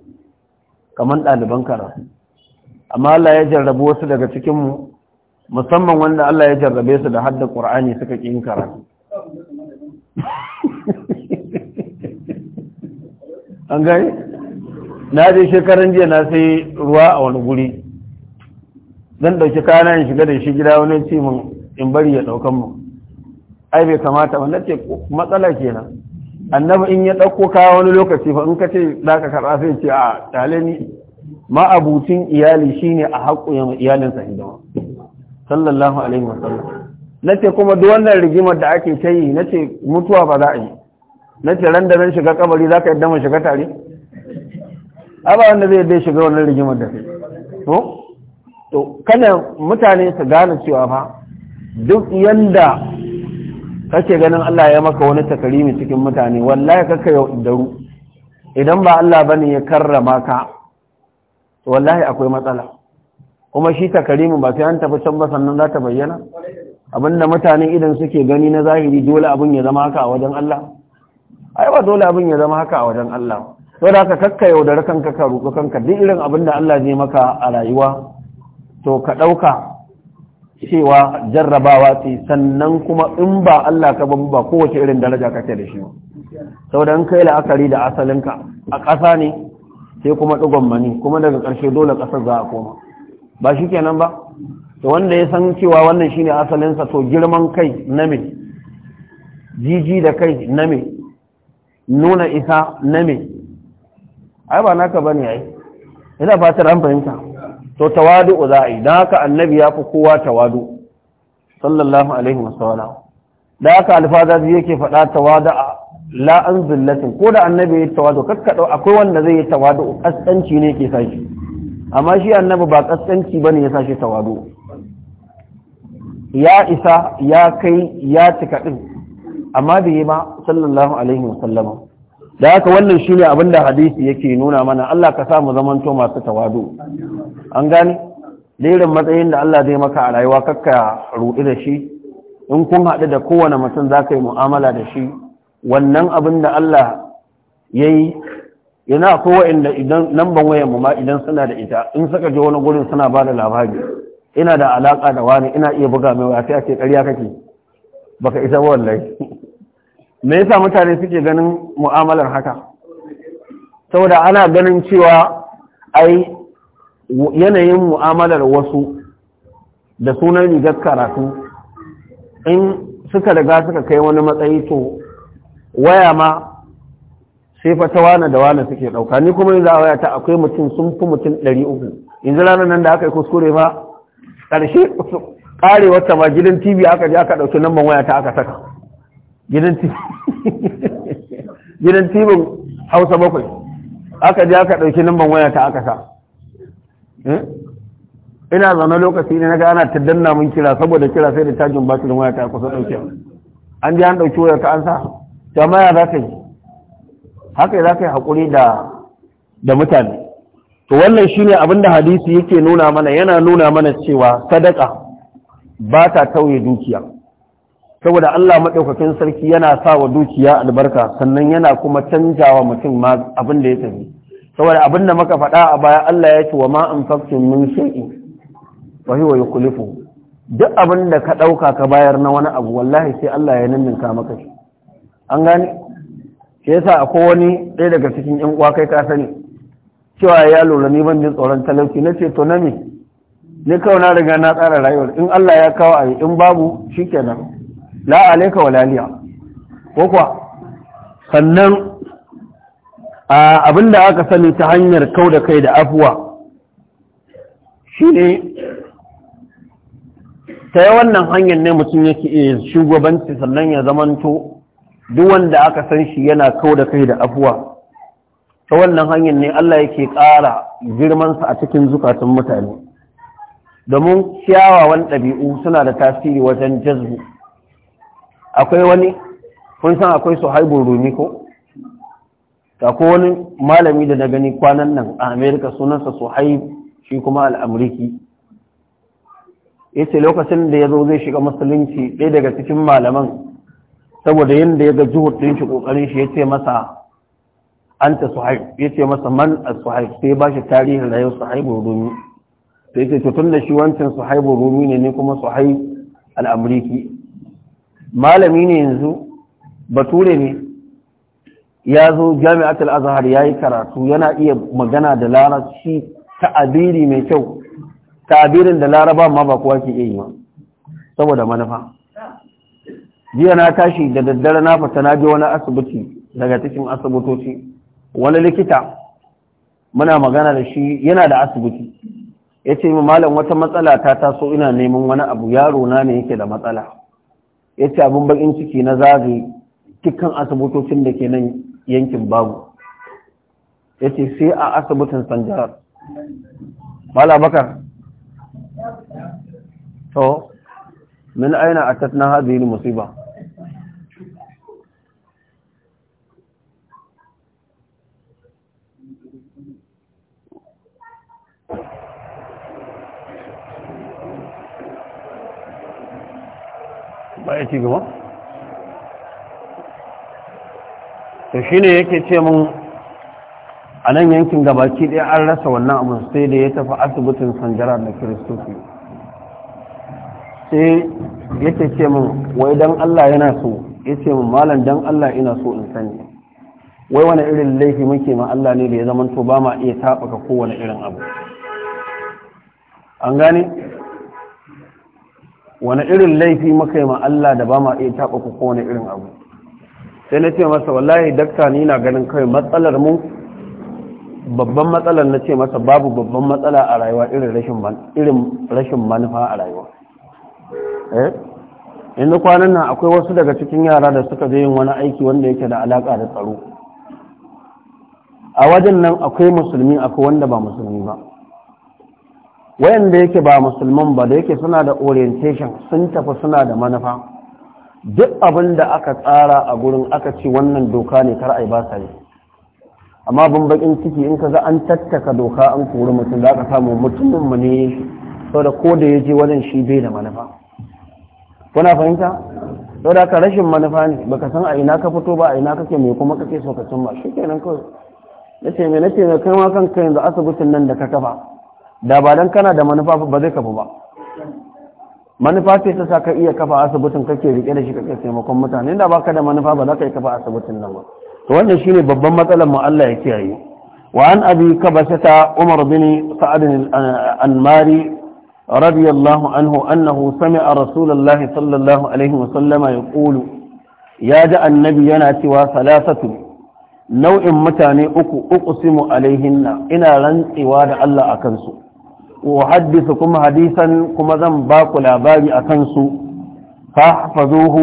kamar ɗaliban karatu amma Allah ya jarrabu wasu daga cikin musamman wanda Allah ya jarrabe su da hadda Qur'ani suka ƙin karatu [laughs] an gani na je shekaran jiya na sai ruwa a wani guri zan ɗauki kana in shiga da shi gida wani cimin in bari ya ɗaukan mu ai bai kamata ba nace matsala kenan annabi in ya dauko ka wani lokaci fa in ka ce za ka karɓa sai ce a tale ni ma abutin iyali shine a haƙu ya sa hidima sallallahu alaihi wasallam nace kuma duk wannan rigimar da ake ta yi nace mutuwa ba za a yi nace ran da zan shiga kabari za ka yadda mun shiga tare aba wanda zai yadda shiga wannan rigimar da kai to kada mutane su gane cewa fa duk yanda kake ganin Allah ya maka wani takarimi cikin mutane wallahi kaka yau daru idan ba Allah bane ya karrama ka wallahi akwai matsala kuma shi takarimin ba sai an tafi can ba sannan za ta bayyana abinda mutane idan suke gani na zahiri dole abin ya zama haka a wajen Allah ai ba dole abin ya zama haka a wajen Allah to da ka kakka yaudar kanka ka roƙo kanka duk irin abin da Allah zai maka a rayuwa to ka ɗauka cewa jarrabawa ce sannan kuma in ba Allah ka ba ba kowace irin daraja kake da shi saboda in kai la'akari da asalinka a ƙasa ne sai kuma ɗigon mani kuma daga ƙarshe dole ƙasar za a koma ba shi kenan ba to wanda ya san cewa wannan shine asalinsa to girman kai na me jiji da kai na me nuna isa na me ai ba naka bane ai ina fatar an fahimta to tawadu za a yi da haka annabi ya fi kowa tawadu sallallahu alaihi wasallam da haka zai yake faɗa tawadu a la'an zillatin ko da annabi ya tawadu kakkaɗo akwai wanda zai yi tawadu ƙasƙanci ne ke sashi amma shi annabi ba ƙasƙanci ba ne ya sashi tawadu ya isa ya kai ya cika ɗin amma bai yi ba sallallahu alaihi wasallama da haka wannan shi ne abin da hadisi yake nuna mana Allah ka samu zamanto masu tawadu an gane lirin matsayin da Allah zai maka a rayuwa kakka ruɗi da shi in kun haɗu da kowane mutum za ka yi mu'amala da shi wannan abin da Allah ya yi yana kowa inda idan nan ban wayan mu ma idan suna da ita in suka je wani gurin suna ba da labari ina da alaka da wani ina iya buga mai waya ake ƙarya kake baka isa ba wallahi [laughs] me yasa mutane suke ganin mu'amalar haka saboda ana ganin cewa ai yanayin mu'amalar wasu da sunan rigar karatu in suka riga suka kai wani matsayi to waya ma sai fa ta wane da wane suke ɗauka ni kuma yanzu a waya ta akwai mutum sun fi mutum ɗari uku yanzu ranar nan da aka yi kuskure ma ƙarshe [laughs] ƙare wata ma gidan tv aka je aka ɗauki nan waya ta aka saka gidan tv [laughs] gidan tv hausa bakwai aka je aka ɗauki nan waya ta aka sa Eh? ina zaune lokaci ne na gana ta danna mun kira saboda kira sai da tajin da waya ta kusa dauke an ji an ɗauki waya ta an jama'a za ka yi haka za ka yi haƙuri da mutane to wannan shine abin da hadisi yake nuna mana yana nuna mana cewa sadaka ba ta tauye dukiya saboda Allah madaukakin sarki yana sawa dukiya albarka sannan yana kuma canjawa mutum ma abin da ya tafi saboda abin da muka faɗa a baya Allah ya ce wa ma an faktin min shi'i wa huwa yukhlifu duk abin da ka ɗauka ka bayar na wani abu wallahi sai Allah ya ka maka shi an gane shi yasa akwai wani ɗaya daga cikin ƴan uwa kai ka sani cewa ya lura ni ban jin tsoron talauci na ce to na me ni kawai na riga na tsara rayuwar in Allah ya kawo ayi in babu shikenan la alayka walaliya ko kuwa sannan abinda aka sani ta hanyar kau da kai da afuwa Shi ne. ta wannan hanyar ne mutum yake iya shugabanci sannan ya zamanto duk wanda aka san shi yana kau da kai da afuwa ta wannan hanyar ne Allah yake ƙara girmansa a cikin zukatun mutane domin kyawawan ɗabi'u suna da tasiri wajen jazbu akwai wani kun san akwai su haibun rumi ko ta ko wani malami da na gani kwanan nan a amerika sunansa suhaib shi kuma al'amuriki ya ce lokacin da ya zo zai shiga musulunci ɗaya daga cikin malaman saboda yadda ya ga juhud ɗin shi ƙoƙarin shi ya ce masa an ta suhaib ya ce masa man a suhaib sai ba shi tarihin rayuwar suhaibu rumi sai ce tun da shi wancan suhaibu rumi ne ne kuma suhaib al'amuriki malami ne yanzu bature ne ya zo jami'atul ya yi karatu yana iya magana da larabci ta'abiri mai kyau ta'abirin da laraba ma ba kowa ke iya yi ba saboda manufa jiya na tashi da daddare na fita na je wani asibiti daga cikin asibitoci wani likita muna magana da shi yana da asibiti ya ce malam wata matsala ta taso ina neman wani abu yaro na ne yake da matsala ya ce abin bakin ciki na zagaye cikin asibitocin da ke nan yankin babu ya ce sai a asibitin sanjarar Bala bakar to min aina a tattunan hazini musiba ba ya ci gaba? to shi ne yake ce mun a nan yankin gabaki ɗaya an rasa wannan abu sai da ya tafi asibitin sanjara na kiristofi sai yake ce min wai don allah yana so ya ce min malam don allah ina so in sani wai wani irin laifi muke ma allah ne da ya zamanto ba ma iya taɓaka kowane irin abu an gane wani irin laifi muka yi ma allah da ba ma iya taɓaka kowane irin abu sai na ce masa wallahi dakta ni na ganin kawai matsalar mu babban matsalar na ce masa babu babban matsala a rayuwa irin rashin manufa a rayuwa eh? inda kwanan nan akwai wasu daga cikin yara da suka je yin wani aiki wanda yake da alaƙa da tsaro a wajen nan akwai musulmi akwai wanda ba musulmi ba wayanda yake ba musulman ba da yake suna da orientation sun tafi suna da manufa duk abin da aka tsara a gurin aka ce wannan doka ne kar ai ba sa yi amma bin bakin ciki in ka za an tattaka doka an kori mutum za ka samu mutumin mu ne saboda ko da ya je wajen shi bai da manufa kuna fahimta saboda ka rashin manufa ne baka san a ina ka fito ba a ina kake me kuma kake so ka cimma shi kenan kawai ce me ce me kai ma kanka yanzu asibitin nan da ka kafa da ba dan kana da manufa ba zai kafu ba manufa ce ta sa ka iya kafa asibitin kake rike da shi kake taimakon mutane da baka da manufa ba za ka yi kafa asibitin nan ba to wannan shine babban matsalar mu Allah ya kiyaye wa an abi kabashata umar bin sa'ad al-anmari radiyallahu anhu annahu sami'a rasulullah sallallahu alaihi wa sallama yaqulu ya ji annabi yana cewa salasatu nau'in mutane uku uqsimu alaihinna ina rantsewa da Allah akan su وحدثكم حديثا كما ذن باكو لاباري أكنسو فاحفظوه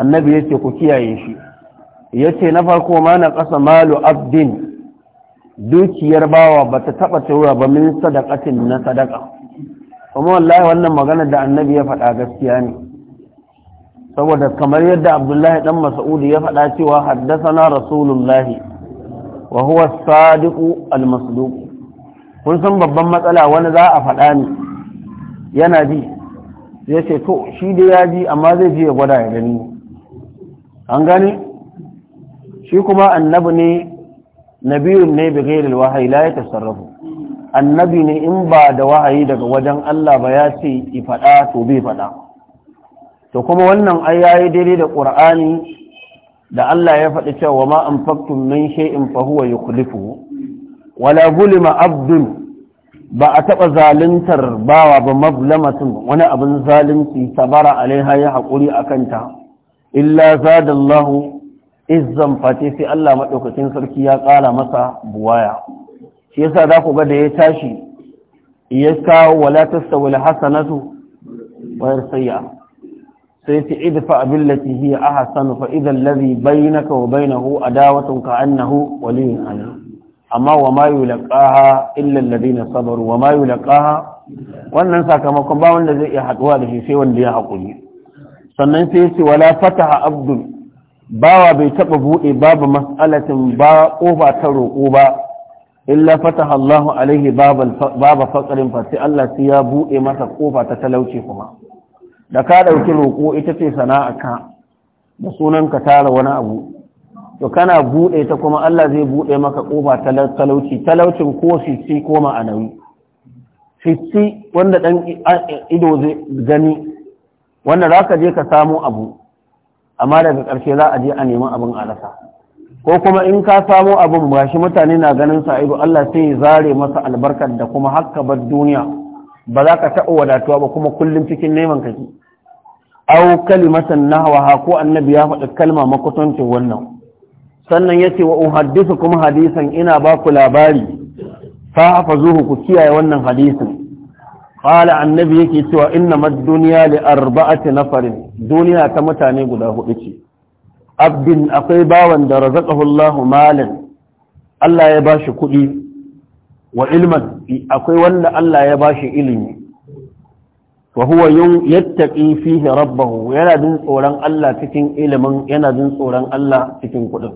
النبي يتي كتيا يشي يتي نفركو ما نقص مال عبد دوكي يرباوا بتتقطوا بمن صدقة نصدقة kuma wallahi wannan magana da annabi ya faɗa gaskiya ne saboda kamar yadda abdullahi dan masudu ya faɗa cewa na rasulullahi wa huwa as kun san babban matsala wani za a faɗa ni yana ji ya ce to shi dai ya ji amma zai ji ya gwada ya gani an gane shi kuma annabi ne nabiyun ne bi ghairil wahayi la yatasarrafu annabi ne in ba da wahayi daga wajen Allah ba ya ce i faɗa to bai faɗa to kuma wannan ai yayi daidai da Qur'ani da Allah ya faɗi cewa ma anfaqtum min shay'in fa huwa yukhlifuhu wala gulima abdun ba a taɓa zaluntar bawa ba mazlamatun wani abin zalunci sabara alaiha ya haƙuri a kanta illa zadallahu izan fate sai Allah maɗaukacin sarki ya ƙara masa buwaya shi yasa za ku ga da ya tashi ya kawo wala tasawul hasanatu wayar sayya sai ce idfa billati hiya ahsanu fa idha alladhi bainaka wa bainahu adawatun ka annahu waliyyun alim amma wa ma yulqaha illa alladhina sabaru wa ma yulqaha wannan sakamakon ba wanda zai iya haduwa da shi sai wanda ya hakuri sannan sai yace wala fataha abdul bawa bai taba bude babu mas'alatin ba kofa ta roko ba illa fataha Allahu alaihi babal baba faqrin fa sai Allah sai ya bude masa kofa ta talauci kuma da ka dauki roko ita ce sana'a ka da sunan ka tara wani abu to kana buɗe ta kuma Allah zai buɗe maka ƙofa talauci talaucin ko sisi ko ma'anawi sisi wanda ɗan ido zai gani wanda za ka je ka samo abu amma daga ƙarshe za a je a neman abin alasa. ko kuma in ka samo abin ba shi mutane na ganin sa ido Allah sai ya zare masa albarkar da kuma hakka bar duniya ba za ka taɓa wadatuwa ba kuma kullum cikin neman kake aw kalimatan nahwa ko annabi ya faɗi kalma makusancin wannan sannan ya ce wa in kuma hadisan ina ba ku labari fa hafa ku kiyaye wannan hadisin ƙala annabi yake cewa inna mad duniya li arba'ati nafarin duniya ta mutane guda hudu ce abdin akwai bawan da razaqahu Allah malan Allah ya shi kuɗi wa ilman akwai wanda Allah ya bashi ilimi wa huwa yattaqi fihi rabbahu yana jin tsoron Allah cikin ilimin yana jin tsoron Allah cikin kuɗin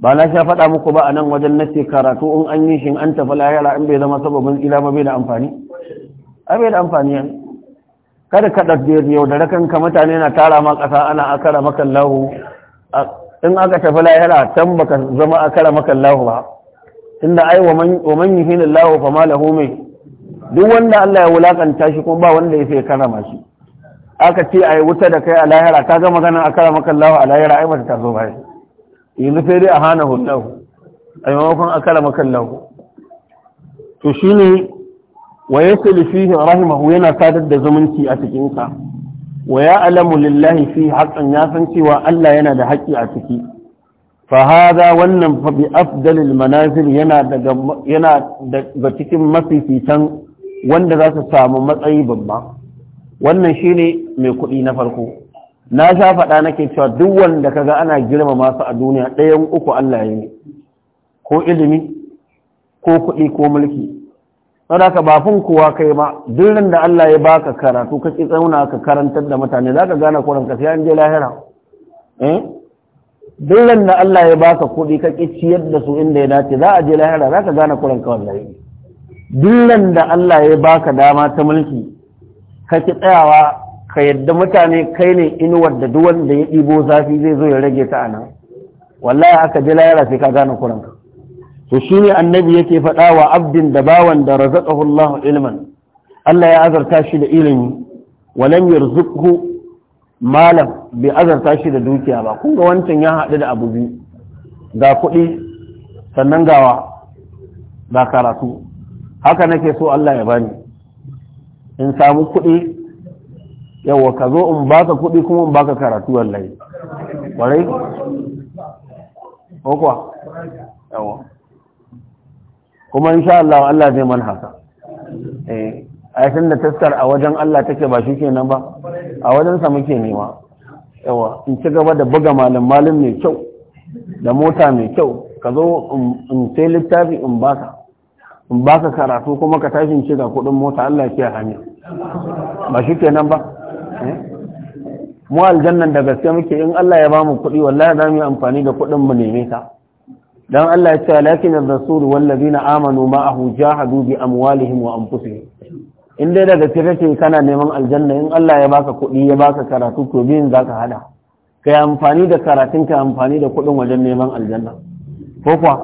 ba na sha faɗa muku ba a nan wajen na ce karatu in an yi shi an tafi lahira in bai zama sababin tsira ba bai da amfani An bai da amfani yan kada ka ɗaɗɗe rakan ka mutane na tara ma ƙasa ana akara makan lahu in aka tafi lahira can baka zama akara makan lahu ba inda ai wa man yuhinu lahu fa ma lahu mai duk wanda Allah ya wulakanta shi kuma ba wanda ya sai karama shi aka ce a yi wuta da kai a lahira ka ga magana akara makan lahu a lahira ai ba ta taso ba yanzu sai dai a hana hullahu a maimakon a kalama kallahu to shi ne wa ya fihi rahimahu yana sadar da zumunci a cikinsa wa ya alamu lillahi fi haƙƙan ya san cewa Allah yana da haƙƙi a ciki fa hada wannan fa bi afdalil manazil yana daga yana daga cikin mafifitan wanda za su samu matsayi babba wannan shine mai kuɗi na farko na sha faɗa nake cewa duk wanda kaga ana girmama su a duniya ɗayan uku Allah ya yi ko ilimi ko kuɗi ko mulki saboda ba fin kowa kai ma, duk da Allah ya baka karatu ka ki tsauna ka karantar da mutane zaka gane kuran ranka sai an je lahira eh duk da Allah ya baka kuɗi ka ki ciyar da su inda ya dace za a je lahira zaka gane kuran ranka wallahi duk da Allah ya baka dama ta mulki ka ki tsayawa ka yadda mutane kai ne inuwar da duwan da ya ɗibo zafi zai zo ya rage ta anan wallahi aka ji layara sai ka gane kuranka to ne annabi yake faɗa wa abdin da bawan da razaqahu Allah ilman Allah ya azarta shi da ilimi walam yarzuqhu malam bai azarta shi da dukiya ba kun ga wancan ya haɗu da abu biyu ga kuɗi sannan gawa ga karatu haka nake so Allah ya bani in samu kuɗi yawa ka zo in baka kuɗi kuma in baka karatu wallahi ƙwarai ko yawa kuma insha Allah Allah zai man haka eh ai tun da taskar a wajen Allah take ba shi kenan ba a wajen sa muke nema yawa in ci gaba da buga malam malam mai kyau da mota mai kyau ka zo in sai littafi in baka in baka karatu kuma ka tashi in ci ga kuɗin mota Allah ya kiyaye hanya ba shi kenan ba Eh? mu aljannan da gaske muke in Allah ya bamu kuɗi wallahi za mu yi amfani da kuɗin mu neme ta dan Allah ya ce lakin ar-rasul wal ladina amanu ahu jahadu bi amwalihim wa anfusihim in dai daga kake kana neman aljanna in Allah ya baka kuɗi ya baka karatu to bin zaka hada kai amfani da karatun ka amfani da kuɗin wajen neman aljanna ko kuwa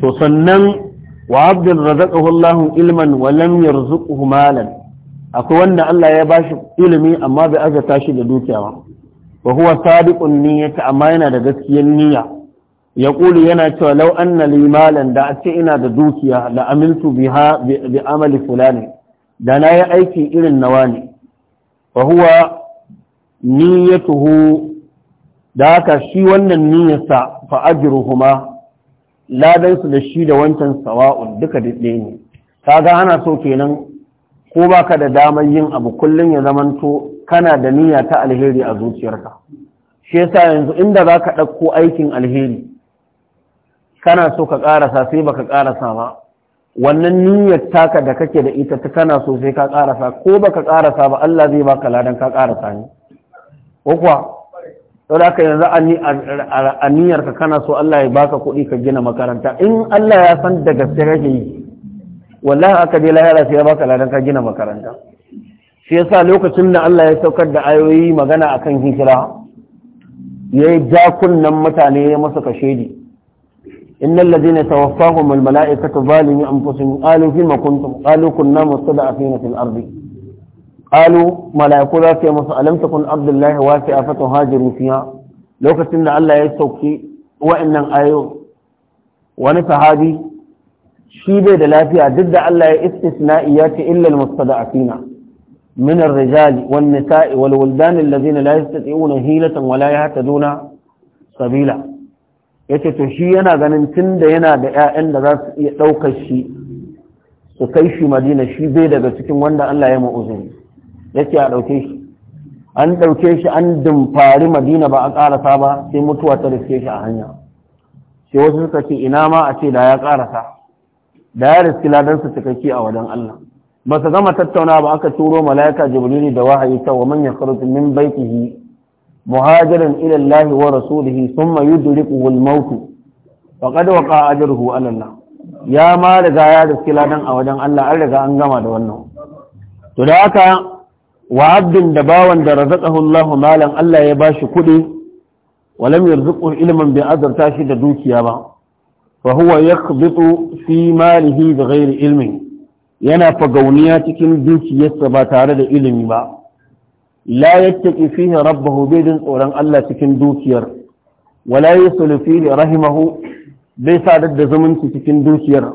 to sannan wa abdur razaqahu Allahu ilman wa lam yarzuqhu malan akwai wanda Allah ya bashi ilimi amma bai azata shi da dukiya ba wa huwa sadiqun niyyati amma yana da gaskiyar niyya ya kuli yana cewa law anna li malan da ace ina da dukiya la amiltu biha bi amali fulani da na yi aiki irin nawa ne wa huwa niyyatuhu da haka shi wannan niyyarsa fa ajruhuma ladan su da shi da wancan sawa'un duka dade ne kaga ana so kenan ko baka da damar yin abu kullum ya zamanto kana da niyya ta alheri a zuciyarka shi yasa yanzu inda za ka ɗauko aikin alheri kana so ka ƙarasa sai baka ƙarasa ba wannan niyyar taka da kake da ita ta kana so sai ka ƙarasa ko baka ƙarasa ba Allah zai baka ladan ka ƙarasa ne ko kuwa sau yanzu a niyyarka kana so Allah ya baka kuɗi ka gina makaranta in Allah ya san da gaske kake yi wallahi aka je lahira sai ya baka ladan ka gina makaranta shi yasa lokacin da Allah ya saukar da ayoyi magana akan hijira ya yi jakunan mutane ya masa kashedi innal ladina tawaffahum al mala'ikatu zalimi anfusihim qalu fima kuntum qalu kunna mustada'afin fil ardi qalu mala'iku za su yi masa alam takun abdullahi wasi'a fatuhajiru fiha lokacin da Allah ya sauki wa'annan ayoyi wani sahabi shi bai da lafiya duk da Allah ya istisna'i ya ce illa almustada'afina min ar-rijali wan nisa'i wal wuldan alladhina la yastati'una hilatan wa la yahtaduna sabila yace to shi yana ganin tunda yana da ƴaƴan da za su iya ɗaukar shi su kai shi Madina shi bai daga cikin wanda Allah ya ma'uzuri yace a ɗauke shi an ɗauke shi an dumfari Madina ba a karasa ba sai mutuwa ta riske shi a hanya sai wasu suka ce ina ma a ce da ya sa da ya riski ladansa cikakke a wajen Allah ba su gama tattauna ba aka turo mala'ika jibrilu da wahayi ta wa man yakhruju min baitihi muhajiran ila Allah wa rasulihi thumma yudrikuhu al-maut faqad waqa ajruhu ala Allah ya ma riga ya riski ladan a wajen Allah an riga an gama da wannan to da haka wa abdin da bawan da razaqahu Allah malan Allah ya bashi kuɗi walam yarzuqu ilman bi azrta shi da dukiya ba fa huwa yaqbitu fi malihi bighairi ilmin yana fagauniya cikin dukiyarsa ba tare da ilimi ba la yattaqi fihi rabbahu bidin tsoron Allah cikin dukiyar wala yusulu fihi rahimahu bai sadar da zumunci cikin dukiyar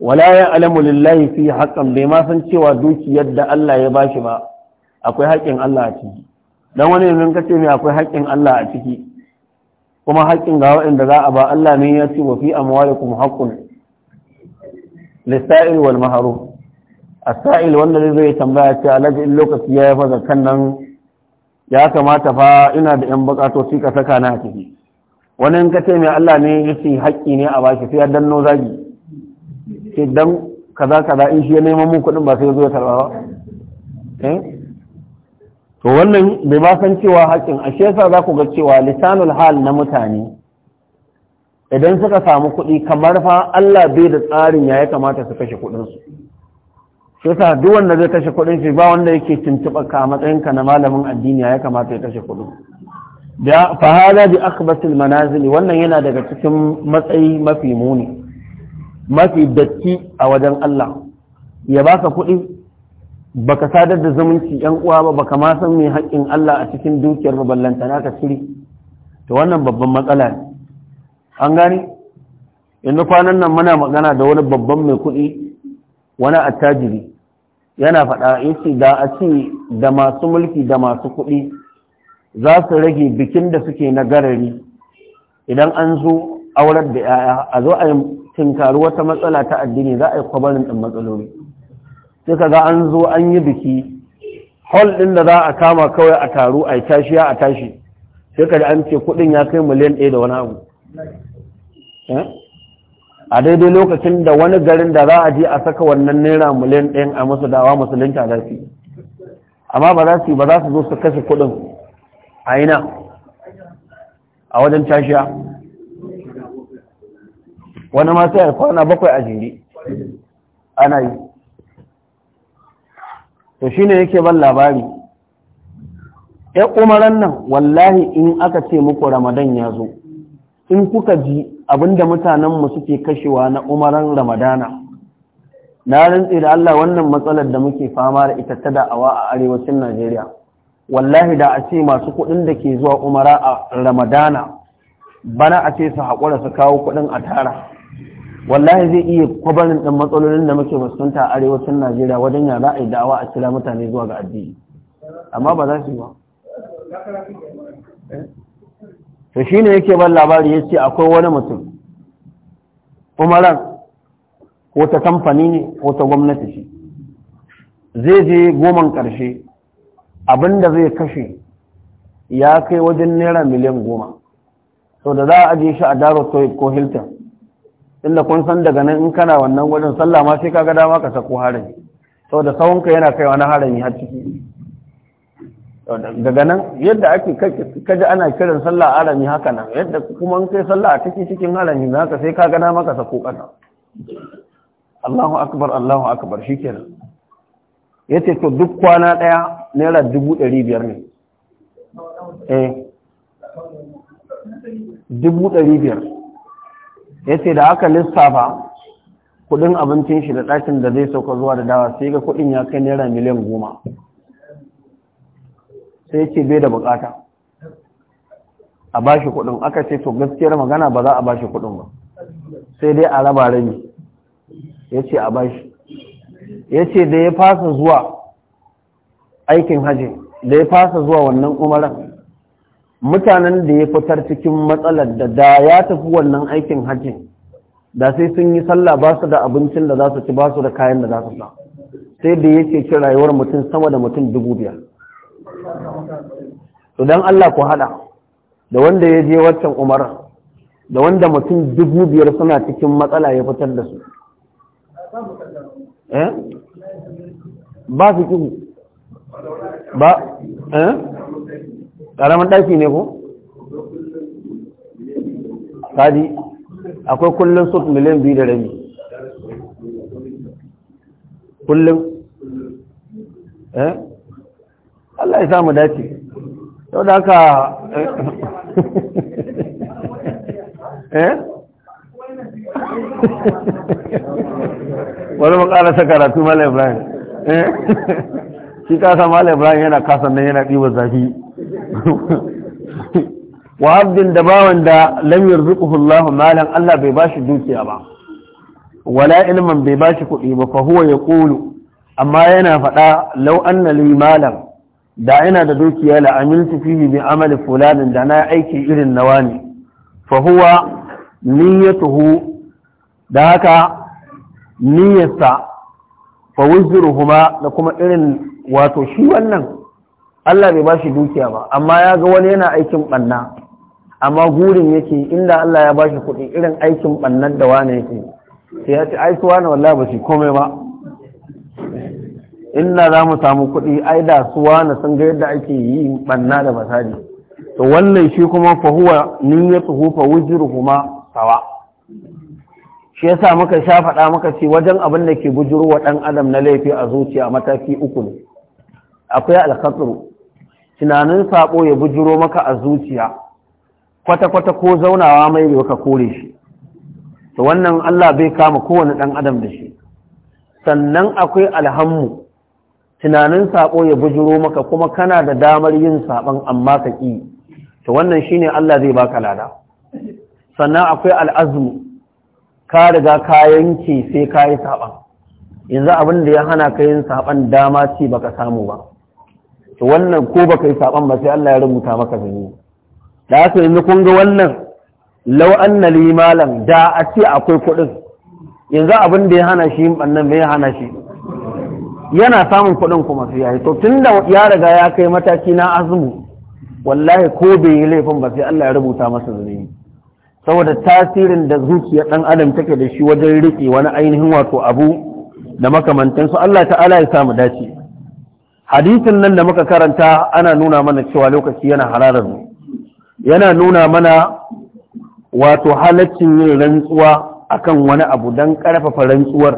wala ya'lamu lillahi fi haqqan bai ma san cewa dukiyar da Allah ya bashi ba akwai haƙƙin Allah a ciki dan wani yanzu kace me akwai haƙƙin Allah a ciki kuma haƙƙin ga waɗanda za a ba Allah ne ya ce wa fi kuma haƙƙun lissa'il wal maharu a sail wanda zai tambaya ce alaji in lokaci ya yi faza kan nan ya kamata fa ina da yan bukatoci ka saka na ciki wani in ka ce mai Allah ne ya ce haƙƙi ne a bashi sai ya danno zagi sai dan kaza kaza in shi ya neman mun kuɗin ba sai ya zo ya tarbawa eh to wannan bai ma san cewa haƙƙin ashe yasa za ku ga cewa lisanul hal na mutane idan suka samu kuɗi kamar fa Allah bai da tsarin ya ya kamata su kashe kuɗinsu shi yasa duk wanda zai kashe kuɗin shi ba wanda yake tuntuɓa ka matsayin ka na malamin addini ya kamata ya kashe kuɗin da fahala bi akhbasil manazili wannan yana daga cikin matsayi mafi muni mafi datti a wajen Allah ya baka kuɗi baka sadar da zumunci yan uwa ba baka ma san mai haƙƙin Allah a cikin dukiyar ba ballanta naka shiri? to wannan babban matsala ne an gani inda kwanan nan muna magana da wani babban mai kuɗi wani attajiri yana faɗa yace da a ce da masu mulki da masu kuɗi za su rage bikin da suke na garari idan an zo aurar da 'ya'ya a zo a yi tinkaru wata matsala ta addini za a yi kwabarin ɗin matsaloli sai ga an zo an yi biki hall ɗin da za a kama kawai a taru a tashi a tashi sai da an ce kuɗin ya kai miliyan ɗaya da wani abu eh? a daidai lokacin da wani garin da za a je a saka wannan naira miliyan ɗaya a musu dawa musulunta za su amma ba za su ba za su zo su kashe kuɗin a ina a wajen tashiya wani ma sai a kwana bakwai a jere ana yi to shi ne yake ban labari ya umaran nan wallahi in aka ce muku ramadan ya zo in kuka ji abinda mutanenmu suke kashewa na umaran ramadana na rantsi da Allah wannan matsalar da muke fama da ita ta da'awa a arewacin Najeriya wallahi da a ce masu kuɗin da ke zuwa umara a ramadana bana a ce su haƙura su kawo kuɗin a tara wallahi zai iya kwabarin ɗin matsalolin da muke fuskanta a arewacin najeriya wajen ya ra'ayi da'awa a kira mutane zuwa ga addini amma ba za su yi ba to shi ne yake ban labari ya ce akwai wani mutum umaran ko ta kamfani ne ko ta gwamnati shi zai je goman ƙarshe da zai kashe ya kai wajen naira miliyan goma sau da za a ajiye shi a daro ko hilton inda kun san daga nan in kana wannan wajen sallah ma sai kaga dama ka sako harami saboda ka yana kai wani harami har ciki daga nan yadda ake kaji ana kiran sallah harami haka nan yadda kuma in kai sallah a ciki cikin harami na, ka sai kaga dama ka sako kana Allahu akbar Allahu akbar shikenan yace to duk kwana daya naira dubu ɗari biyar ne eh dubu ɗari biyar ya ce da aka lissafa kudin abincin shi da ɗakin da zai sauka zuwa da dawa sai ga kudin ya kai naira miliyan goma sai ce bai da bukata a ba shi kudin aka ce to gaskiyar magana ba za a ba shi kudin ba sai dai a raba rami ya ce a ba shi ya ce da ya fasa zuwa aikin hajji da ya fasa zuwa wannan umaran mutanen da ya fitar cikin matsalar da da ya tafi wannan aikin hajji da sai sun yi sallah ba su da abincin da za su ci ba su da kayan da za su sa sai da ya ceci rayuwar mutum sama da mutum dubu biyar to don Allah ku hada da wanda ya je waccan umar da wanda mutum dubu biyar suna cikin matsala ya fitar da su eh? ba su ba eh ƙaramin ɗaki ne ko? kaji akwai kullum sub miliyan biyu da rami. kullum eh Allah ya samu dace yau da haka eh wani [laughs] eh? makarasa karatu mala ibrahim eh [laughs] shi kasa mala ibrahim yana kasan nan yana ɗiwa zafi wa abdin da bawan da lam yarzuquhu Allah malan Allah bai bashi dukiya ba wala ilman bai bashi kuɗi ba fa huwa kulu. amma yana faɗa lau anna li da ina da dukiya la amiltu fihi bi amali fulanin da na aiki irin nawa ne fa huwa niyyatuhu da haka niyyarsa fa wuzruhuma da kuma irin wato shi wannan Allah bai bashi dukiya ba amma ya ga wani yana aikin banna amma gurin yake inda Allah ya bashi kuɗi irin aikin bannan da wane yake sai ya ce ai su wane wallahi ba shi komai ba inda za mu samu kuɗi ai da su wane sun ga yadda ake yi banna da fasadi to wannan shi kuma fa ya niyyatuhu fa wujruhuma sawa shi yasa muka sha faɗa muka ce wajen abin da ke bujuru wa ɗan adam na laifi a zuciya mataki uku ne akwai alkhatru tunanin sabo ya bujiro maka a zuciya kwata-kwata ko zaunawa mai da ka kore shi to wannan Allah bai kama kowane ɗan adam da shi sannan akwai alhammu tunanin sabo ya bujiro maka kuma kana da damar yin saban amma ka ƙi to wannan shine Allah zai baka lada sannan akwai al'azmu ka riga ka yanke sai ka yi saban yanzu abin da ya hana ka yin saban dama ce baka samu ba to wannan ko baka yi saban ba sai Allah ya rubuta maka zunubi da haka yanzu kun ga wannan law anna li malam da a ce akwai kuɗin yanzu abin da ya hana shi annan me ya hana shi yana samun kuɗin kuma sai yayi to tunda ya riga ya kai mataki na azumi wallahi ko bai yi laifin ba sai Allah ya rubuta masa zunubi saboda tasirin da zuciyar ɗan adam take da shi wajen riƙe wani ainihin wato abu da makamantansu Allah ta'ala ya samu dace hadisin nan da muka karanta ana nuna mana cewa lokaci yana halalar mu yana nuna mana wato halaccin yin rantsuwa akan wani abu don karfafa rantsuwar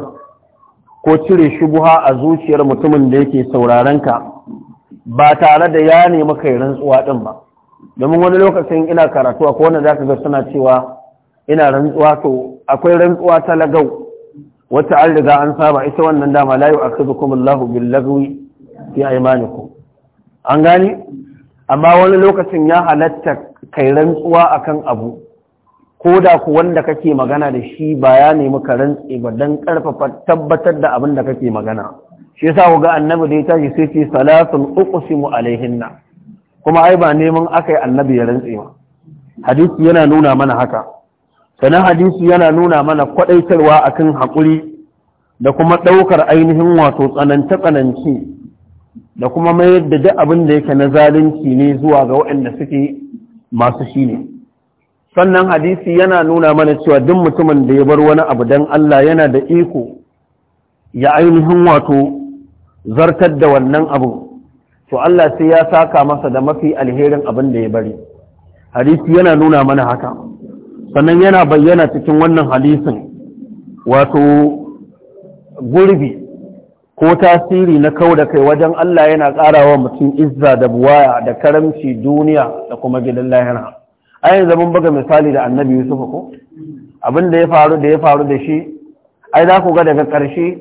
ko cire shubuha a zuciyar mutumin da yake sauraron ka ba tare da ya nemi kai rantsuwa din ba domin wani lokacin ina karatu akwai wanda zaka ga suna cewa ina rantsuwa to akwai rantsuwa ta lagau wata an riga an saba ita wannan dama la yu'akhidhukum bil lagwi fi aymanikum an gani amma wani lokacin ya halatta kai rantsuwa akan abu ko da ku wanda kake magana da shi ba ya nemi ka rantsi ba don karfafa tabbatar da abin da kake magana shi yasa ku ga annabi da ya tashi sai ce salatun uqsimu alaihinna kuma ai ba neman akai annabi ya rantsi ma hadisi yana nuna mana haka sannan hadisi yana nuna mana kwadaitarwa akan hakuri da kuma ɗaukar ainihin wato tsananta tsananci da kuma mayar da duk abin da yake na zalunci ne zuwa ga waɗanda suke masu shi ne sannan hadisi yana nuna mana cewa duk mutumin da ya bar wani abu don Allah yana da iko ya ainihin wato zartar da wannan abu to Allah sai ya saka masa da mafi alherin abin da ya bari hadisi yana nuna mana haka sannan yana bayyana cikin wannan hadisin wato gurbi ko tasiri na kau da kai wajen Allah yana ƙarawa mutum izza da buwaya da karamci duniya da kuma gidan lahira a yanzu mun buga misali da annabi yusuf ko abin da ya faru da ya faru da shi ai za ku ga daga ƙarshe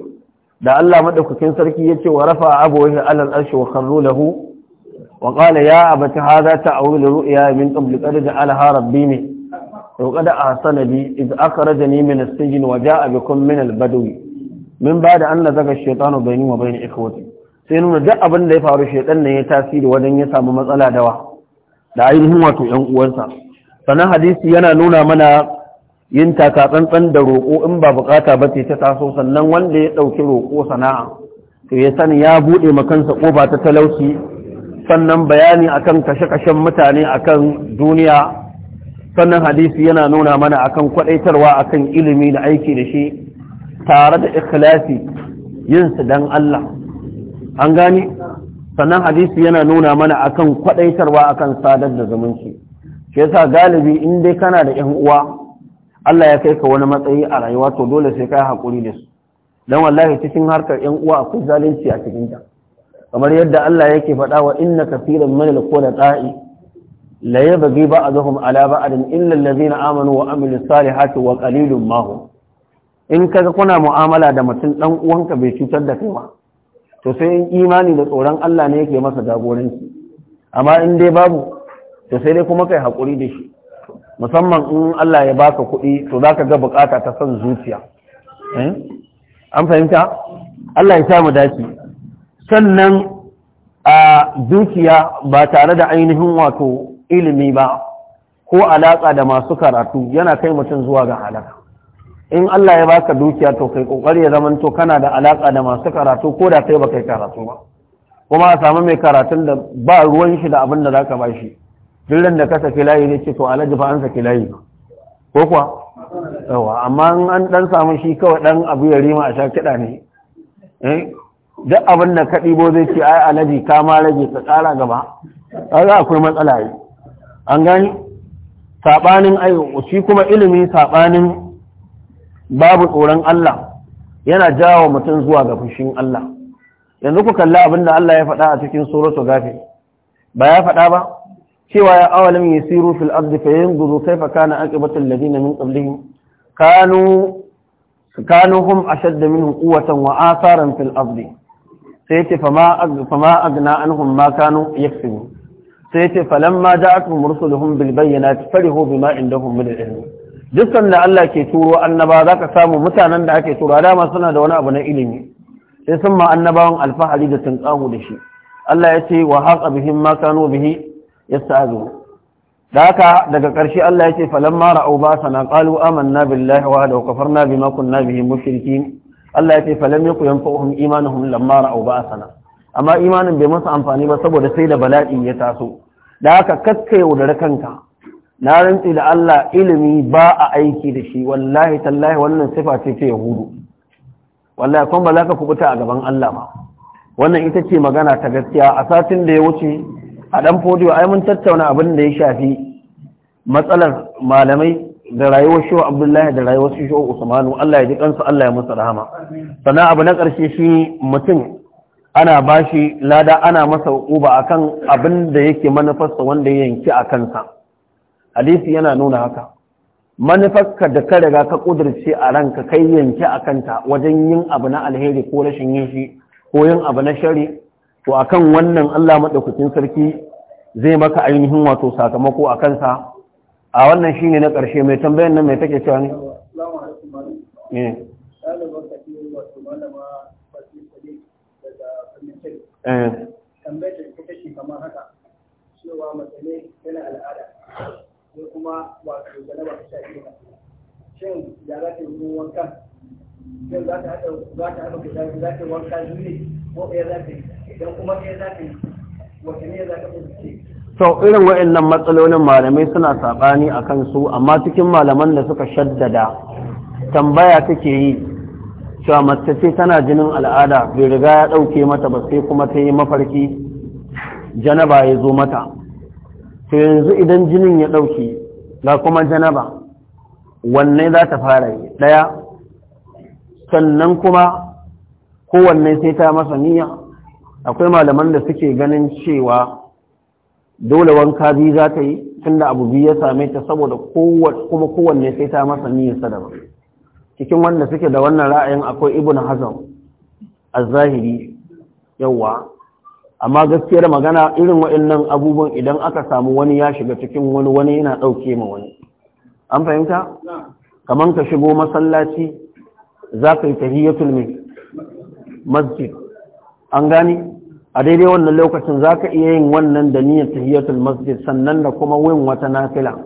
da Allah madaukakin sarki ya ce wa rafa abuwahi alal arshi wa kharru lahu wa qala ya abati hadha ta'awil ru'ya min qabli qad ja'alaha rabbi ne wa qad ahsana bi id akhrajani min as-sijn wa ja'a bikum min al-badwi min ba da an bai shaitanu bayni wa bayni ikhwati sai nuna duk abin da ya faru shaitan ne ya tasiri wajen ya samu matsala da wa? da ainihin wato yan uwansa sannan hadisi yana nuna mana yin taka tsantsan da roƙo in ba buƙata ba ce ta taso sannan wanda ya ɗauki roƙo sana'a to ya sani ya buɗe ma makansa ƙofa ta talauci sannan bayani akan kashe-kashen mutane akan duniya sannan hadisi yana nuna mana akan kwaɗaitarwa akan ilimi da aiki da shi tare da ikhlasi yinsa don dan Allah an gani sannan hadisi yana nuna mana akan kwadaitarwa akan sadar da zumunci shi yasa galibi in dai kana da 'yan uwa Allah ya kai ka wani matsayi a rayuwa to dole sai yi hakuri da su dan wallahi cikin harkar 'yan uwa akwai zalunci a cikin ta kamar yadda Allah yake faɗa wa inna kaseeran min al-qawla ta'i la yabghi ba'dhum ala ba'din illa alladhina amanu wa amilu salihati wa qalilun ma hum in ka ga kuna mu'amala da mutum dan uwanka bai cutar da kai ba to sai in imani da tsoron Allah ne yake masa jagoranci amma in dai babu to sai dai kuma kai hakuri da shi musamman in Allah ya baka kuɗi to zaka ga bukata ta son zuciya eh? an fahimta Allah ya samu dace sannan a zuciya ba tare da ainihin wato ilimi ba ko alaka da masu karatu yana kai mutum zuwa ga halaka in Allah ya baka dukiya to kai kokari ya to kana da alaka da masu karatu ko da kai baka karatu ba kuma a samu mai karatun da ba ruwan shi da abin da zaka ba shi dillan da ka saki layi ne ce to alaji fa an saki layi ko kuwa yawa amma in an dan samu shi kawai dan abu ya rima a sha kiɗa ne eh duk abin da ka dibo zai ce ai alaji ka ma rage ka ƙara gaba kaga akwai matsala yi an gani saɓanin ai shi kuma ilimi saɓanin babu tsoron Allah yana jawo mutum zuwa ga fushin Allah yanzu ku kalli abin da Allah ya faɗa a cikin suratu gafi ba ya faɗa ba cewa ya awalin yasiru fil ardi fayanzuru kaifa kana aqibatu alladhina min qablihim kanu kanu hum ashadda minhum quwwatan wa atharan fil ardi sai ce fa ma agna anhum ma kanu yaksubu sai ce falamma ja'atuhum rusuluhum bil bayyinati farihu bima indahum min al-ilm duk sanda Allah ke turo annaba za ka samu mutanen da ake turo dama suna da wani abu na ilimi sai sun ma annabawan alfahari da tunƙahu da shi Allah ya ce wa haqa bihin ma kanu bihi yasta'zu da haka daga ƙarshe Allah ya ce falamma ra'au ba sana ƙalu amanna billahi wa hada wa kafarna makon na bihin mushrikin Allah ya ce falam yaku yanfa'uhum imanuhum lamma ra'au ba sana amma imanin bai masa amfani ba saboda sai da bala'i ya taso da haka kakka yaudare kanka na rantsi da Allah ilimi ba a aiki da shi wallahi tallahi wannan sifa ce ta yahudu wallahi kuma ba za ka kubuta a gaban Allah ba wannan ita ce magana ta gaskiya a satin da ya wuce a dan podiyo ai mun tattauna abin da ya shafi matsalar malamai da rayuwar shi Abdullahi da rayuwar shi Usmanu Allah ya ji kansu Allah ya masa rahama sannan abu na karshe shi mutum ana bashi lada ana masa uba akan abin da yake manufarsa wanda ya yanki a kansa hadisi yana nuna haka manufarka da ka riga ka kudirce a ranka kai yanke a kanta wajen yin abu na alheri ko rashin yin shi ko yin abu na shari to akan wannan Allah madaukakin sarki zai maka ainihin wato sakamako a kansa a wannan shine na ƙarshe mai tambayar nan mai take cewa ne eh, eh. tambayar ta kamar haka cewa matsale yana al'ada sai kuma wato idan kuma ɗaya za yi wace ne za ta to irin wa'annan matsalolin malamai suna saɓani a kansu amma cikin malaman da suka shaddada tambaya take yi cewa mace ce tana jinin al'ada bai riga ya ɗauke mata ba sai kuma ta yi mafarki janaba ya zo mata to yanzu idan jinin ya ɗauke ga kuma janaba wanne za ta fara yi ɗaya sannan kuma kowanne sai ta masa niyya akwai malaman da suke ganin cewa dole wanka biyu za ta yi tunda abu biyu ya same ta saboda kuma kowanne sai ta masa niyyarsa daban cikin wanda suke da wannan ra'ayin akwai ibn hazam a zahiri yawwa. amma gaskiyar magana irin waɗannan abubuwan idan aka samu wani ya shiga cikin wani wani yana ɗauke ma wani an fahimta kamar ka shigo masallaci za ka yi tahiyyatul mai masjid an gane a daidai wannan lokacin za ka iya yin wannan da niyyar tahiyyatul masjid sannan da kuma win wata nafila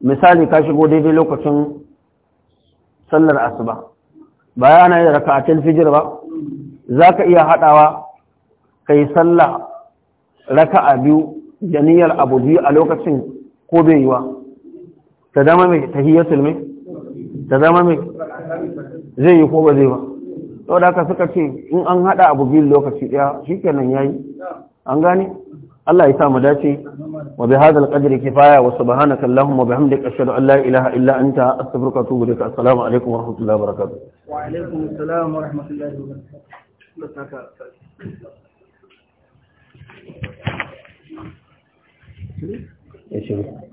misali ka shigo daidai lokacin sallar asuba ba yana yin raka'atul fijr ba za ka iya haɗawa kai sallah raka a biyu da niyyar abu biyu a lokacin ko bai yiwa ta zama mai tahiyyatul mai ta zama mai zai yi ko ba zai ba sau da suka ce in an hada abu biyu lokaci daya shikenan yayi an gane Allah ya sa mu dace wa bi hadal qadri kifaya wa subhanaka allahumma wa bihamdika ashhadu an la ilaha illa anta astaghfiruka wa atubu ilaik assalamu alaikum wa rahmatullahi wa barakatuh wa alaikum assalam wa rahmatullahi wa barakatuh Ya shiru.